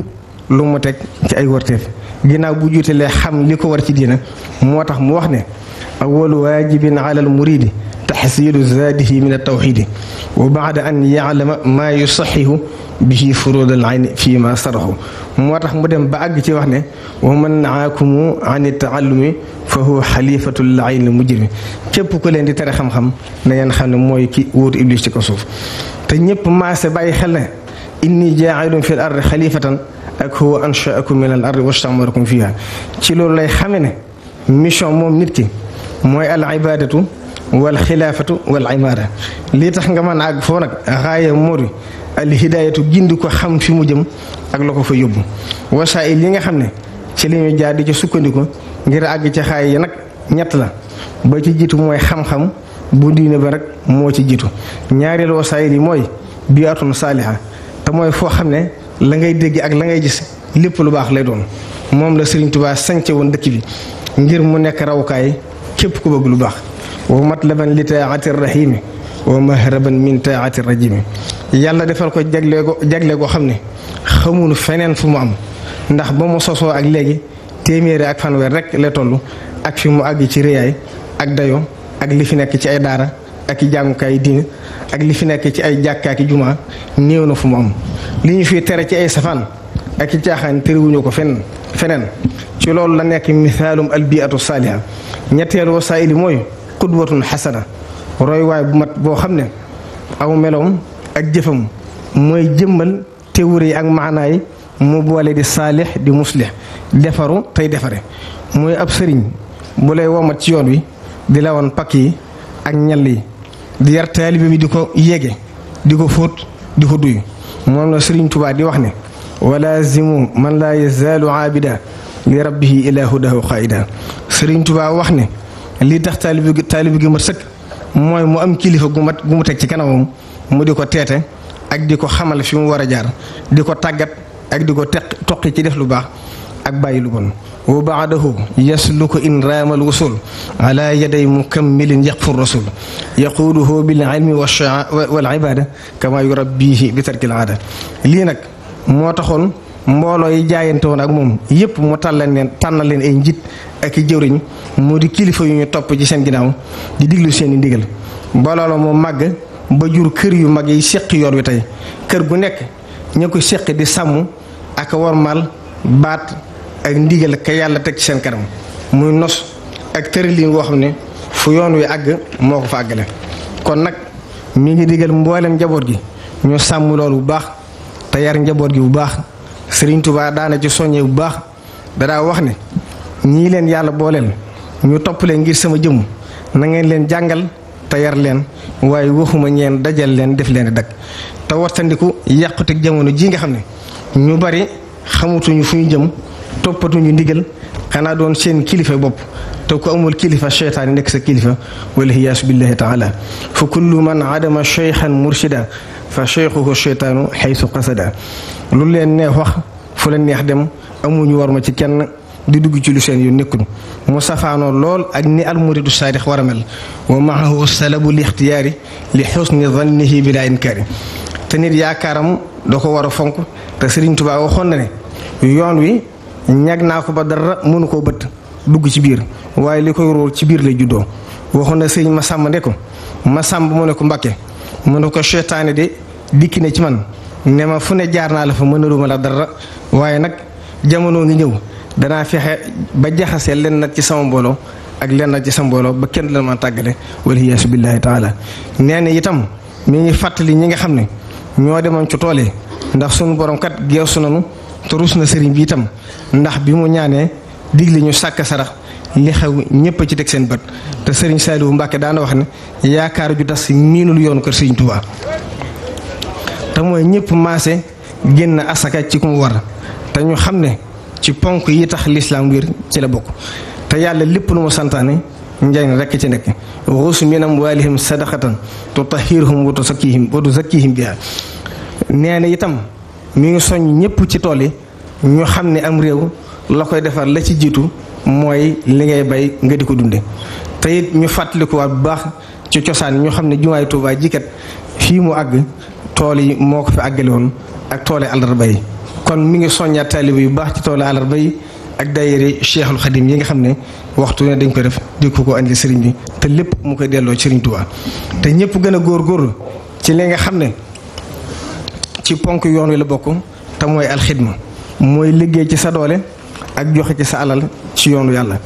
lu mu teg ci ay warteef ginnaaw bu juutalee xam li ko war ci diina moo tax mu wax ne awalu waajibin ala al muridi taxsilu zaadihi min altawxidi wa baax an yaalama ma yusaxihu bihi furud al ayni fi ma saraxu moo tax mu dem ba àgg ci wax ne wa man naakumu an taallumi fa huwa xalifatu l ayni mujrimi képp ku leen di tere xam-xam na ngeen xam ne mooy ki wóotu iblis ci ko suuf te ñëpp maase bàyyi xel ne inni jaailun fil ardi xalifatan ak huwa anshaakum min al ardi wastamarakum ci loolu lay xame ne mission moom nit ki mooy al ibadatu wal xilaafatu wal imaara li tax nga mën a àgg foo nag raaya moo di al hidaayatu gindi ko xam fi mu jëm ak la ko fa yóbbu wasaayil yi nga xam ne ci li jaar di ci sukkandiku ngir àgg ca xaay yi nag ñett la ba ci jiitu mooy xam-xam bu diine ba rek moo ci jiitu ñaareelu wasaayir yi mooy biyaatun saaliha te mooy foo xam ne la ngay dégg ak la ngay gis lépp lu baax lay doon moom la Serigne Touba sànce woon dëkk bi ngir mu nekk rawukaay képp ku bëgg lu baax wa matlaban li taati rahimi wa mahraban min taati rajimi yàlla defal ko jagle ko jagle goo xam ne xamunu feneen fu mu am ndax ba mu sosoo ak léegi téeméeri ak fanweer rek la toll ak fi mu àgg ci réyaay ak dayo ak li fi nekk ci ay daara aki i jàngukaay diine ak li fi nekk ci ay jàkka ak juma néew na fu mu am li ñu fi tere ci ay safaan ak i caaxaan terewuñu ko fenn feneen ci loolu la nekk misaalum atu saaliha ñetteelu wasaayil yi mooy qudwatun xasana roy waay bu mat boo xam ne aw meloom ak jëfam mooy jëmmal teewur yi ak maanaa yi mu boole di saalix di muslix defaru tey defare mooy ab sëriñ bu lay womat ci yoon wi di la woon pakk yi ak ñal yi di yar taalibe bi di ko yéege di ko fóot di ko duy moom la Sëriñ Tuubaa di wax ne walaazimu man laa yazaalu aabida li rabbihi ilaa hudahu qaida Sëriñ Tuubaa wax ne lii tax taalibe gi taalibe gi mat sëkk mooy mu am kilifa gu mat gu mu teg ci kanamam mu di ko teete ak di ko xamal fi mu war a jaar di ko tàggat ak di ko teq toqi ci def lu baax ak bàyyi lu bon وبعده يسلك إنرام الوصول على يدي مكمل يقف الرسول يقوده بالعلم والعبادة كما يربيه بترك العادة لي نك موتاخون mbooloo yi jaayante woon ak moom yépp mu tàllal leen tànnal leen ay njit ak i jëwriñ mu di kilifa yu ñu topp ci seen ginnaaw di diglu seen i ndigal mbooloo la moom ba jur kër yu mag yi seq yoon wi tey kër gu nekk ña ko di sàmm ak wormal baat ak ndigal ka yàlla teg ci seen kanam muy nos ak tërëlin woo xam ne fu yoon wi àgg moo ko fa àggale kon nag mi ngi digal mboolem njaboot gi ñu sàmm loolu bu baax te yar njaboot gi bu baax Sëriñ Tuubaa daana ci soññee bu baax dadaa wax ne ñii leen yàlla booleel ñu topp leen ngir sama jëmm nangeen leen jàngal te yar leen waaye waxuma ñeen dajal leen def leen dagg te wattandiku yàqute jamono ji nga xam ne ñu bari xamutuñu fu ñu jëm toppatuñu ndigal xanaa doon seen kilifa bopp te ku amul kilifa cheytaan nekk sa kilifa wala hiyaasu billahi taala fa kullu man adama cheykhan murshida fa cheykhuhu cheytaanu xaysu qasada lu leen neex wax fu leen neex dem amuñu war ma ci kenn di dugg ci lu seen yu nekkul mu safaanoo lool ak ni almuridu saadix war a mel wa maahu salabu li ixtiyaari li xusni zannihi bila inkaari te nit yaakaaram da ko war a fonk te Sëriñ Tuubaa waxoon na ne yoon wi ñag naa ko ba dara mënu koo bëtt dugg ci biir waaye li koy róor ci biir la juddoo waxoon na sëriñ Masamba ne ko Masamba mu ne ko Mbakke mu ko seytaane de dikki na ci man ne ma fu ne jaar naa la fa mënaluma la dara waaye nag jamono ngi ñëw danaa fexe ba jaxasee lenn nag ci sama mbooloo ak lenn ci sama mbooloo ba kenn la ma tàggale wala yaasu billaahi taala nee na itam mi ngi fàttali ñi nga xam ne ñoo demoon ci tool yi ndax sunu borom kat geesu nañu te rus na sëriñ bi itam ndax bi mu ñaanee digle ñu sàkk sarax li xew ñépp ci teg seen bët te sëriñ Saliou Mbacke daana wax ne yaakaar ju tas miinul yoon kër sëriñ Touba te mooy ñépp maase génn asaka ci ku mu war te ñu xam ne ci ponk yi tax lislaam wér ci la bokk te yàlla lépp lu mu santaane njariñ rekk ci nekk su ruus min amwaalihim sadaqatan tutahhiruhum wa tuzakkihim wa tuzakkihim biha nee na itam mi ngi soññ ñëpp ci tool yi ñu xam ne am réew la koy defar la ci jiitu mooy li ngay bay nga di ko dunde te it ñu fàttalikuwaat bu baax ci cosaan ñu xam ne jumaay Tuubaa ji kat fii mu àgg tool yi moo ko fi àggalewoon woon ak toole àllarba yi kon mu ngi soññaat taalibe yu baax ci toole àllarba yi ak daayira Cheikhul Khadim yi nga xam ne waxtu ne dañ koy def di ko ko andi sëriñ bi te lépp mu koy delloo sëriñ Tuubaa te ñëpp gën a góor ci li nga xam ne ci ponk yoon wi la bokk te mooy alxidma mooy liggéey ci sa doole ak joxe ci sa alal ci yoonu yàlla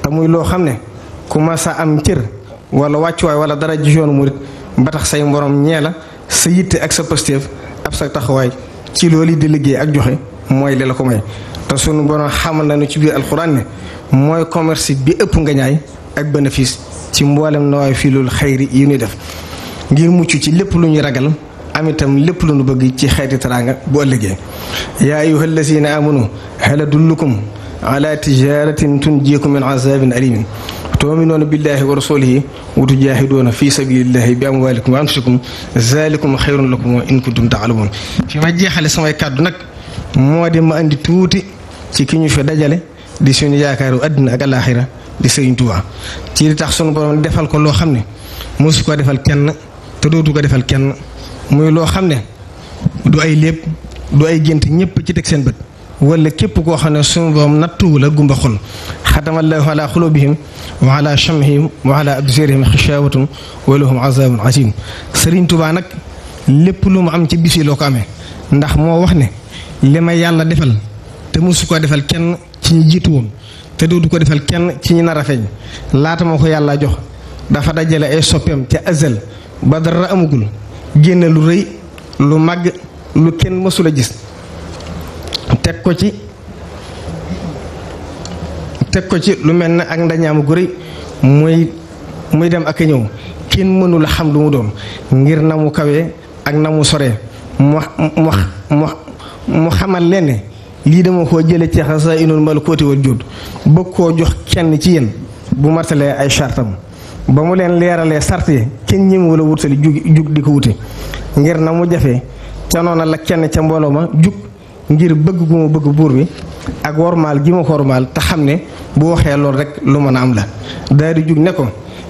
te muy loo xam ne ku ma sa am cër wala wàccuwaay wala dara ci yoonu murit ba tax say mboroom ñee la sa yitte ak sa pëstéef ab sa taxawaay ci loolu di liggéey ak joxe mooy li la ko may te sunu borom xamal nu ci biir alxuraan ne mooy commerce bi ëpp nga ñaay ak bénéfice ci mboolem na waay fii loolu xayri yu nuy def ngir mucc ci lépp lu ñuy ragal am itam lépp lu nu bëgg ci xeeti teraanga bu ëllëgee yaa ayuha alladina amanu hal adullukum ala tijaratin tunjikum min azabin alimin tuminuuna billahi wa rasulihi wa tujahiduuna fi sabilillahi bi amwalikum wa anfusikum zalikum xayrun lakum in kuntum taalamun fi ma jeexale samay kàddu nag moo di ma andi tuuti ci ki ñu fi dajale di suñu yaakaaru àddina ak alaaxira di sëriñ Tuubaa ci li tax sunu borom defal ko loo xam ne mosu ko defal muy lo xamne du ay lépp du ay gént ñëpp ci tek seen bëtt wala képp ko xamne suñu borom la gumba xol khatama allah ala xulubihim wa ala shamhim wa ala absirihim xishawatun wa lahum azabun azim sëriñ tubaa nak lépp lu mu am ci bisi lo loo ko amee ndax mo wax ne lima yàlla defal te musu ko defal kenn ci ñi jitu won te du ko defal kenn ci ñi nara feñ laata yàlla jox dafa dajale ay soppeem ci azal ba amugul génn lu rëy lu màgg lu kenn mësula gis teg ko ci teg ko ci lu mel ne ak ndañaamu gu muy muy dem ak ñëw kenn mënula xam lu mu doon ngir na mu kawee ak na mu soree mu xamal leen ne lii dama koo jële ci xasaa inul mal kóoti wal jóot bëgg koo jox kenn ci yéen bu martalee ay chartam ba mu leen leeralee sart yi kenn ñim wala wutali jug jug di ko wute ngir na mu jafe ca noona la kenn ca mbooloo ma jug ngir bëgg gu ma bëgg buur bi ak wormaal gi ma xormaal te xam ne bu waxee loolu rek lu ma na am la daal di jug ne ko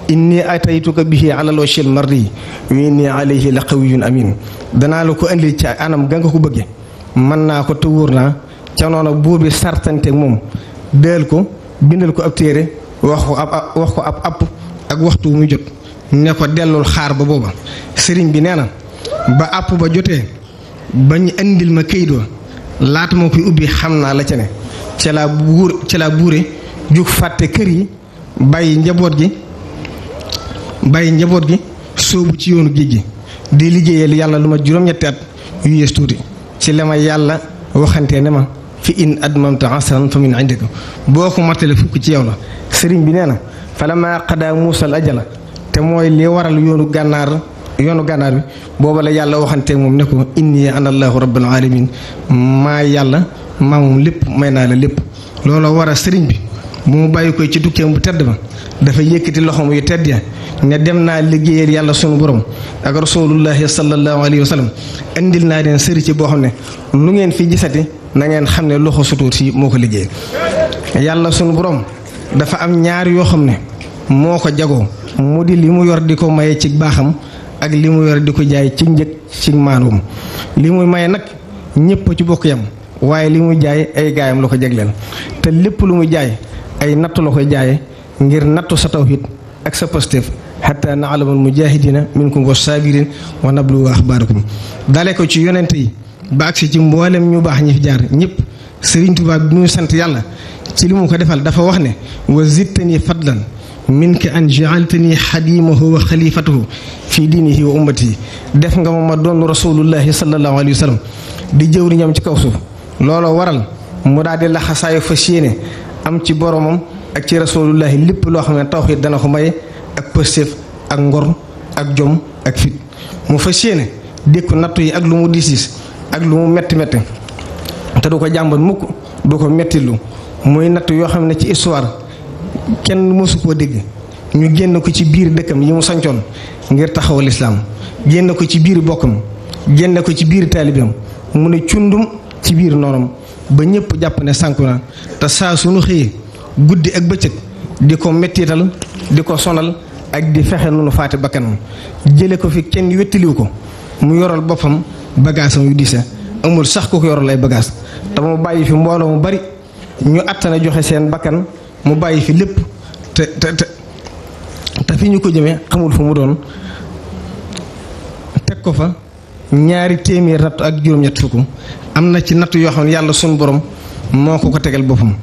indi inni ataytuka bihi alal wajhil mardi wa inni alayhi la qawiyyun amin danaa la ko indi ca anam ga nga ko bëgge mën naa ko te wóor naa ca noona buur bi sartante moom deel ko bindal ko ab téere wax ko ab ko ab app ak waxtu wu mu jot ne ko dellul xaar ba booba sëriñ bi nee na ba àpp ba jotee ba ñu indil ma kayit wa laata ma koy ubbi xam naa la cene ne buur ca buure jug fàtte kër yi bàyyi njaboot gi bàyyi njaboot gi soobu ci yoonu géej gi di liggéeyal yàlla lu ma juróom-ñetti at yu yées tuuti ci la ma yàlla waxantee ne ma fi in admamta asran fa min indika boo ko matale fukk ci yow la sëriñ bi nee na falamma qadaa Muusaa al ajala te mooy li waral yoonu gànnaar yoonu gànnaar bi booba la yàlla waxante moom ne ko inni ana allahu rabbul alamin maa yàlla maa lépp may naa la lépp looloo war a sëriñ bi bu mu bàyyi ci tukkeem bu tedd ba dafa yëkkati loxoom yu tedd ya ne dem naa liggéeyal yàlla sunu borom ak rasulullahi sallallahu alayhi wa sallam indil naa leen sëri ci boo xam ne lu ngeen fi gisati na ngeen xam ne loxo su tuuti moo ko liggéey yàlla sunu borom dafa am ñaar yoo xam ne moo ko jagoo mu di li mu yor di ko maye ci baaxam ak li mu yor di ko jaay ci njëg ci maandoom li muy maye nag ñëpp ci bokk yam waaye li mu jaay ay gaayam la ko jegleel te lépp lu mu jaay ay nattu la koy jaaye ngir nattu sa tawhid ak sa positif xataa naalamal mujahidina minkum wa sabirin wa lu wa axbaarakum dale ko ci yonent yi ba agsi ci mboolem ñu baax ñi jaar ñëpp Sëriñ Tuubaa bi muy sant yàlla ci li mu ko defal dafa wax ne wa zittani fadlan minka an jaaltani xadimahu wa xalifatahu fi diinihi wa ummati def nga ma ma doon rasulullahi sallallahu alayhi wa sallam di jëwriñam ci kaw suuf looloo waral mu daal di laxasaayu fas yéene am ci boromam ak ci rasulullahi lépp loo xam ne tawxiid dana ko may ak pëstéef ak ngor ak jom ak fit mu fas yéene dékku nattu yi ak lu mu diis diis ak lu mu metti metti te du ko jàmbat mukk du ko mettilu muy natt yoo xam ne ci histoire kenn mësu koo dégg ñu génn ko ci biir dëkkam yi mu sancoon ngir taxawal lislaam génn ko ci biir bokkam génn ko ci biir taalibeem mu ne cundum ci biir noonam ba ñëpp jàpp ne sànku na te saa suñu xëyee guddi ak bëccëg di ko mettital di ko sonal ak di fexe nunu faati bakkanam jële ko fi kenn wettiliwu ko mu yoral boppam bagaasam yu diise amul sax ku ko yoral ay bagaas te mu bàyyi fi mbooloo mu bari ñu attana joxe seen bakkan mu bàyyi fi lépp te te te fi ñu ko jëmee xamul fu mu doon teg ko fa ñaari téeméer nattu ak juróom-ñett fukk am na ci natt yoo xam ne yàlla sunu borom moo ko ko tegal boppam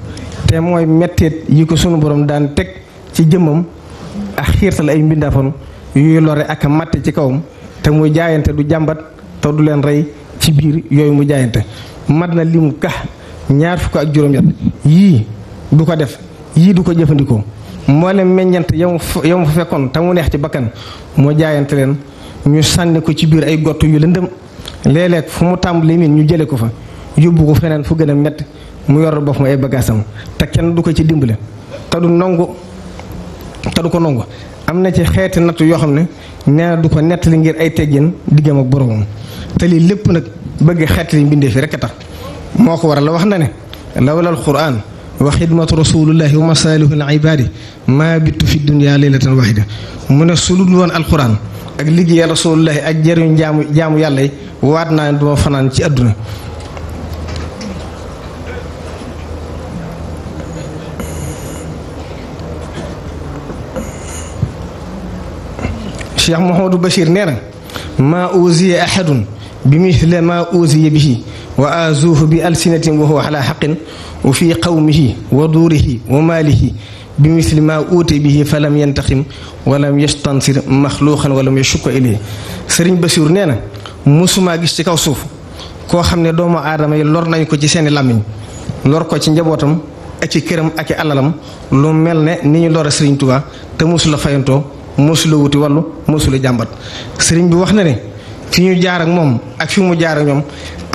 te mooy metteet yi ko sunu borom daan teg ci jëmmam ak xiirtal ay mbindaafam yuy lore ak a màtte ci kawam te muy jaayante du jàmbat te du leen rey ci biir yooyu mu jaayante mat na limu ka ñaar fukk ak juróom-ñett yii du ko def yii du ko jëfandikoo mboolem meññant yamu yamu fa fekkoon te mu neex ci bakkan moo jaayante leen ñu sànni ko ci biir ay gott yu lëndëm léeg-léeg fu mu tàmbalee miin ñu jëlee ko fa yóbbu ko feneen fu gën a métti mu yor boppam ay bagaasam te kenn du ko ci dimbale te du nangu te du ko nangu am na ci xeeti natt yoo xam ne nee na du ko nettali ngir ay teggin diggam ak boromam te lii lépp nag bëgg xeetali mbindee fi rek a moko waral wax na ne lawla alquran wa khidmat rasulillahi wa masalihu alibaadi ma bittu fi dunya leylatan wahida mun sulul won dul woon alquran ak ya rasulillahi ak jëriñ jamu jamu yàlla wat na do fanan ci aduna شيخ mahamadou بشير نيرا ما اوزي احد بمثل ما اوزي به wa azuuhu bi alsinatin wa huwa ala xaqin wa fi qawmihi wa duurihi wa maalihi bi bi misli ma uute bihi fa lam yantaxim walam yastansir maxluuqan walam yashukka ilayhi sëriñ Basiiru nee na mosumaa gis ci kaw suuf koo xam ne doomu aadama yi lor nañ ko ci seeni làmmiñ lor ko ci njabootam ak ci këram ak ci alalam lu mel ne ni ñu lor a sëriñ Tuubaa te mosula fayantoo mosula wuti wàllu mosula jàmbat sëriñ bi wax na ne fi ñu jaar moom ak fi mu jaar ñoom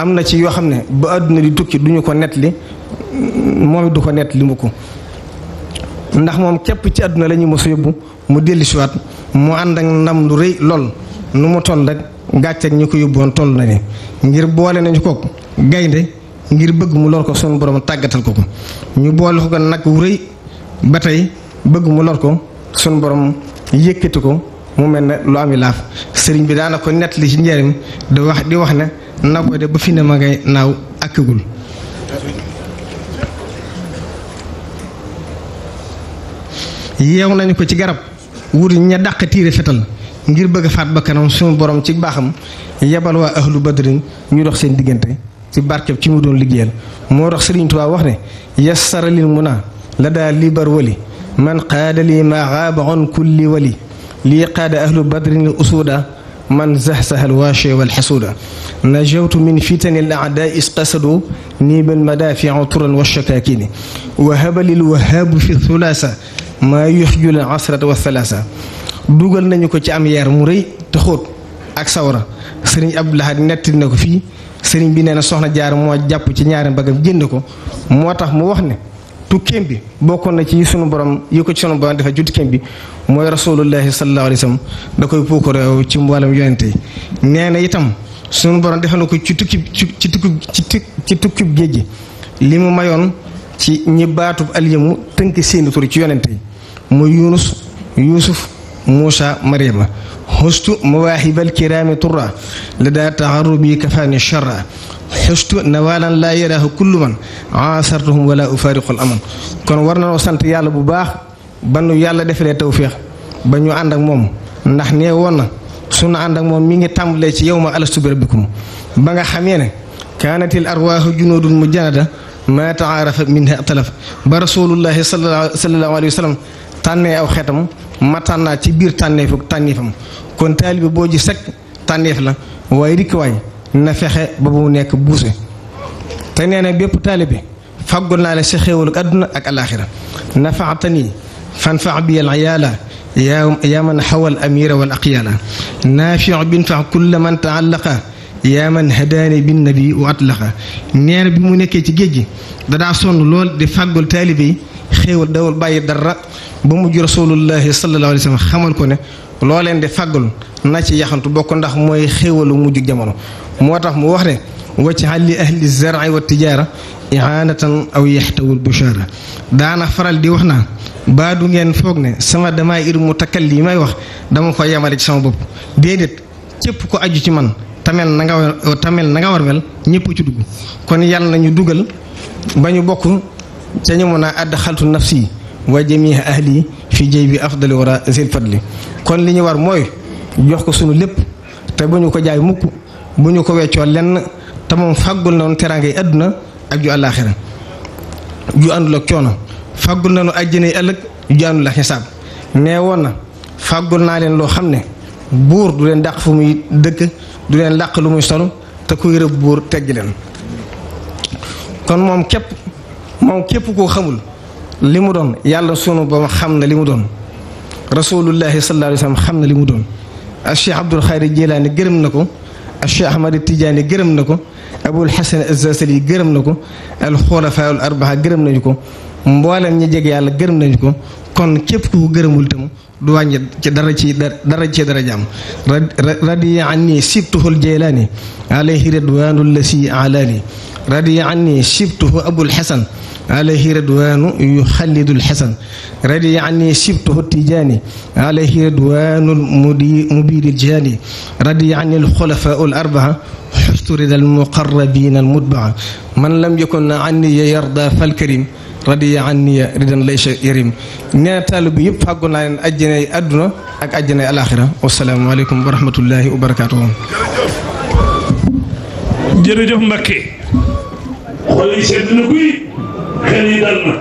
am na ci yoo xam ne ba àdduna di tukki duñu ko nettali moom it du ko nettali mu ko ndax moom képp ci àdduna la ñu mos yóbbu mu dellu siwaat mu ànd ak ndam lu rëy lool nu mu toll rek gàcce ak ñu ko yóbboon toll na ni ngir boole nañu ko gaynde ngir bëgg mu lor ko sunu borom tàggatal ko ko ñu boole ko nag wu rëy ba tey bëgg mu lor ko sunu borom yëkkati ko mu mel ne lu am i laaf sëriñ bi daana ko nettali ci njëriñ di wax di wax ne. na ko de ba fi ne ma ngay naaw àkkagul yeew nañu ko ci garab wut ña dàq tiire fetal ngir bëgg a ba kanam suñu borom ci baaxam yebal waa ahlu badrin ñu dox seen diggante ci barkeb ci mu doon liggéeyal moo tax Sëriñ wax ne yassara lil muna la daa libar wali man qaada ma xaaba on kulli wali lii qaada ahlu badrin usuuda من زهزه الواشي والحسود نجوت من فتن الأعداء اسقسدوا نيب المدافع طرا والشكاكين وهب للوهاب في الثلاثة ما يحجو العصرة والثلاثة dugal nañu ko ci am yar mu rëy te xóot ak sawra sëriñ Abdou Lahad nettali na ko fii sëriñ bi nee na soxna jaar moo jàpp ci ñaari mbagam jënd ko moo tax mu wax ne tukkeem bi bokkoon na ci sunu borom yi ko ci sunu borom dafa judd keem bi mooy rasulullahi sallallahu alayhi wasallam da koy puukareew ci mboolem yonente yi nee itam sunu borom defal ko ci tukki ci tukki ci tukki géej li mu mayoon ci ñi baatub alyamu tënk seeni tur ci yonente yi mu yunus yuusuf muusa mariama hustu mawaahibal kiraami turra la daa taxarubi kafaani charra xëstu nawaalan laa yaraahu kullu man ansartuhum wala ufariqul aman kon war na noo sant yàlla bu baax ba nu yàlla defalee tawféex ba ñu ànd ak moom ndax nee woon na sunu ànd ak moom mi ngi tàmbalee ci yawma alastu bi rabbikum ba nga xamee ne kaanatil arwaaxu junoodun mu janada ma taarafa minha talaf ba rasulullahi sallallahu alayhi wa sallam tànnee aw xeetam ma tànnaa ci biir tànneefu tànneefam kon taalibi boo ji sekk tànneef la waaye rikk waay na fexe ba mu nekk buuse te nee na bépp taalibe faggul naa la sa xéewaluk àdduna ak alaaxira nafaatani fanfax bi al yaala yaa yaa man xawal amira wal aqyaala naafiu binfax kulla man taallaqa yaa man hadaani bin nabi wa atlaqa nee na bi mu nekkee ci géej gi dadaa sonn lool di faggul taalibe yi xéewal dawal bàyyi dara ba mujj rasulullahi sallallahu alayhi wa sallam xamal ko ne loo leen di faggul na ci yaxantu bokk ndax mooy xéewalu mujj jamono موتاخ مو وخني وجهل اهل الزرع والتجاره اعانه او يحتوي البشاره دانا فرال دي وخنا بادو نين فوغني سما دما اير متكلي ماي وخ دما كو يمالي سما بوب ديدت كيب كو اديو تي مان تامل نغا تامل نغا ورمل نييب تي دغ كون يال نيو دوغال باني بوكو تي ني مونا ادخلت نفسي وجميع اهلي في جيب افضل وراء ذي الفضل كون لي ني وار موي جوخ كو سونو لب تا بانيو كو جاي موكو bu ñu ko weccoo lenn te moom fàggul na woon teraanga yi àdduna ak ju àllaaxira ju àndul ak coono fàggul na nu àjjana yi ëllëg ju àndul ak xisaab nee na fàggul naa leen loo xam ne buur du leen dàq fu muy dëkk du leen làq lu muy solu te kuy rëbb buur tegg leen kon moom képp moom képp koo xamul li mu doon yàlla sunu ba xam na li mu doon rasulullahi sallallahu alayhi wa sallam xam na li mu doon ak Cheikh Abdul Xaadir Jilaani gërëm na ko Cheikh Ahmad Tidiane gërëm na ko Abul Xasan Azasali gërëm na ko alxulafaayul arbaa gërëm nañu ko mboolem ñi jege yàlla gërëm nañu ko kon képp ku gërëmul tamu du wàññi ci dara ci dara ci dara jàmm radi anni sibtuhul jeylaani alayhi ridwaanu lasi alaani رضي عني شبته أبو الحسن عليه رضوان يخلد الحسن رضي عني شبته التجاني عليه رضوان مبير الجاني رضي عني الخلفاء الأربعة حشت رضا المقربين المتبعة من لم يكن عني يرضى فالكريم رضي عني رضا ليش يريم نتال بيبحقنا عن أجني أدنى أجني الآخرة والسلام عليكم ورحمة الله وبركاته جرجه مكي xol yi sedd na guy xel yi dal na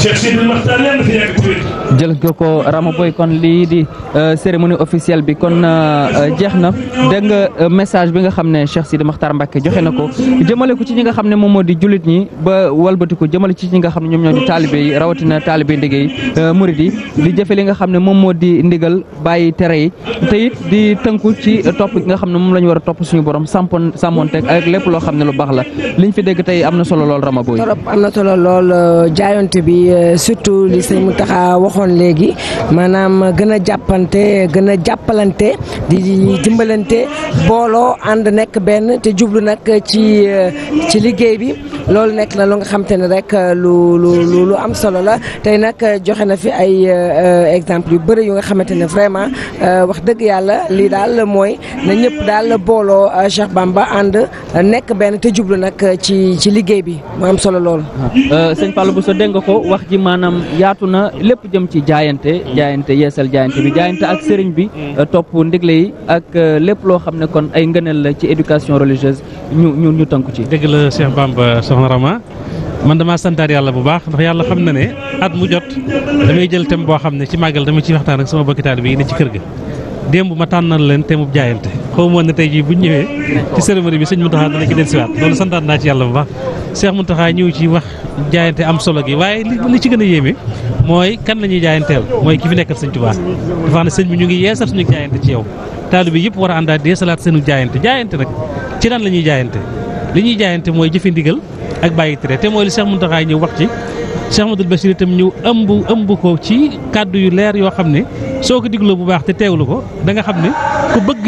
Cheikh Sidil Maxtaar leen fi yàgg ci wét jël nga ko Rama Boy kon lii di euh, cérémonie officielle bi kon euh, euh, jeex na dégg nga message bi nga xam ne Cheikh Sidi Makhtar Mbacke joxe na ko jëmale ko ci ñi nga xam ne moom moo di jullit ñi ba walbati ko jëmale ci ñi nga xam ne ñoom ñoo di taalibe yi rawatina taalibe ndige yi murid yi di jëfe li nga xam ne moom moo di ndigal bàyyi tere yi te di tënku ci topp gi nga xam ne moom la ñu war a topp suñu borom sampoon sàmmoonteeg ak lépp loo xam ne lu baax la liñ fi dégg tey am na solo lool Rama Boy. am waxoon léegi maanaam gën a jàppante gën a jàppalante di dimbalante booloo ànd nekk benn te jublu nag ci euh, ci liggéey bi loolu nekk na lu nga xam ne rek euh, lu lu lu am solo la tey nag euh, joxe na fi ay exemple yu bëri yu nga xamante ne vraiment wax dëgg yàlla lii daal mooy na ñëpp daal booloo Cheikh Bamba ànd nekk benn te jublu nag ci ci liggéey bi mu am solo loolu. sëñ Fallou Bousso dégg nga ko wax ji maanaam yaatu na lépp jëm jëm ci jaayante mm. jaayante yeesal jaayante bi jaayante ak sëriñ bi mm. euh, topp ndigle yi ak euh, lépp loo xam ne kon ay ngëneel la ci éducation religieuse ñu ñu ñu tënku ci dëgg la Cheikh Bamba soxna Rama man damaa santaat yàlla bu baax ndax yàlla xam na ne at mu jot damay jël thème boo xam ne ci màggal dama ciy waxtaan ak sama bokki taalibe yi ne ci kër gi démb ma tànnal leen te mu jaayante xaw ma woon ne tey jii ñëwee ci cérémonie bi sëñ Mountakha dana ci dellusiwaat loolu santaat naa ci yàlla bu baax Cheikh Mountakha ñëw ci wax jaayante am solo gi waaye li ci gën a yéeme mooy kan la ñuy jaayanteel mooy ki fi nekkal sëñ Tuubaa dafa ne sëñ bi ñu ngi yeesal suñu jaayante ci yow bi yëpp war a àndaat dee salaat seenu jaayante jaayante nag ci lan la ñuy jaayante li ñuy jaayante mooy jëfe ndigal ak bàyyi tere te mooy li Cheikh Mountakha ñëw wax ci Cheikh Amadou Bachir itam ñëw ëmb ëmb ko ci kàddu yu leer yoo xam ne soo ko digloo bu baax te teewlu ko danga xam ne ku bëgg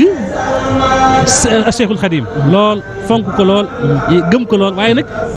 Cheikhul Khadim lool fonk ko lool gëm ko lool waaye nag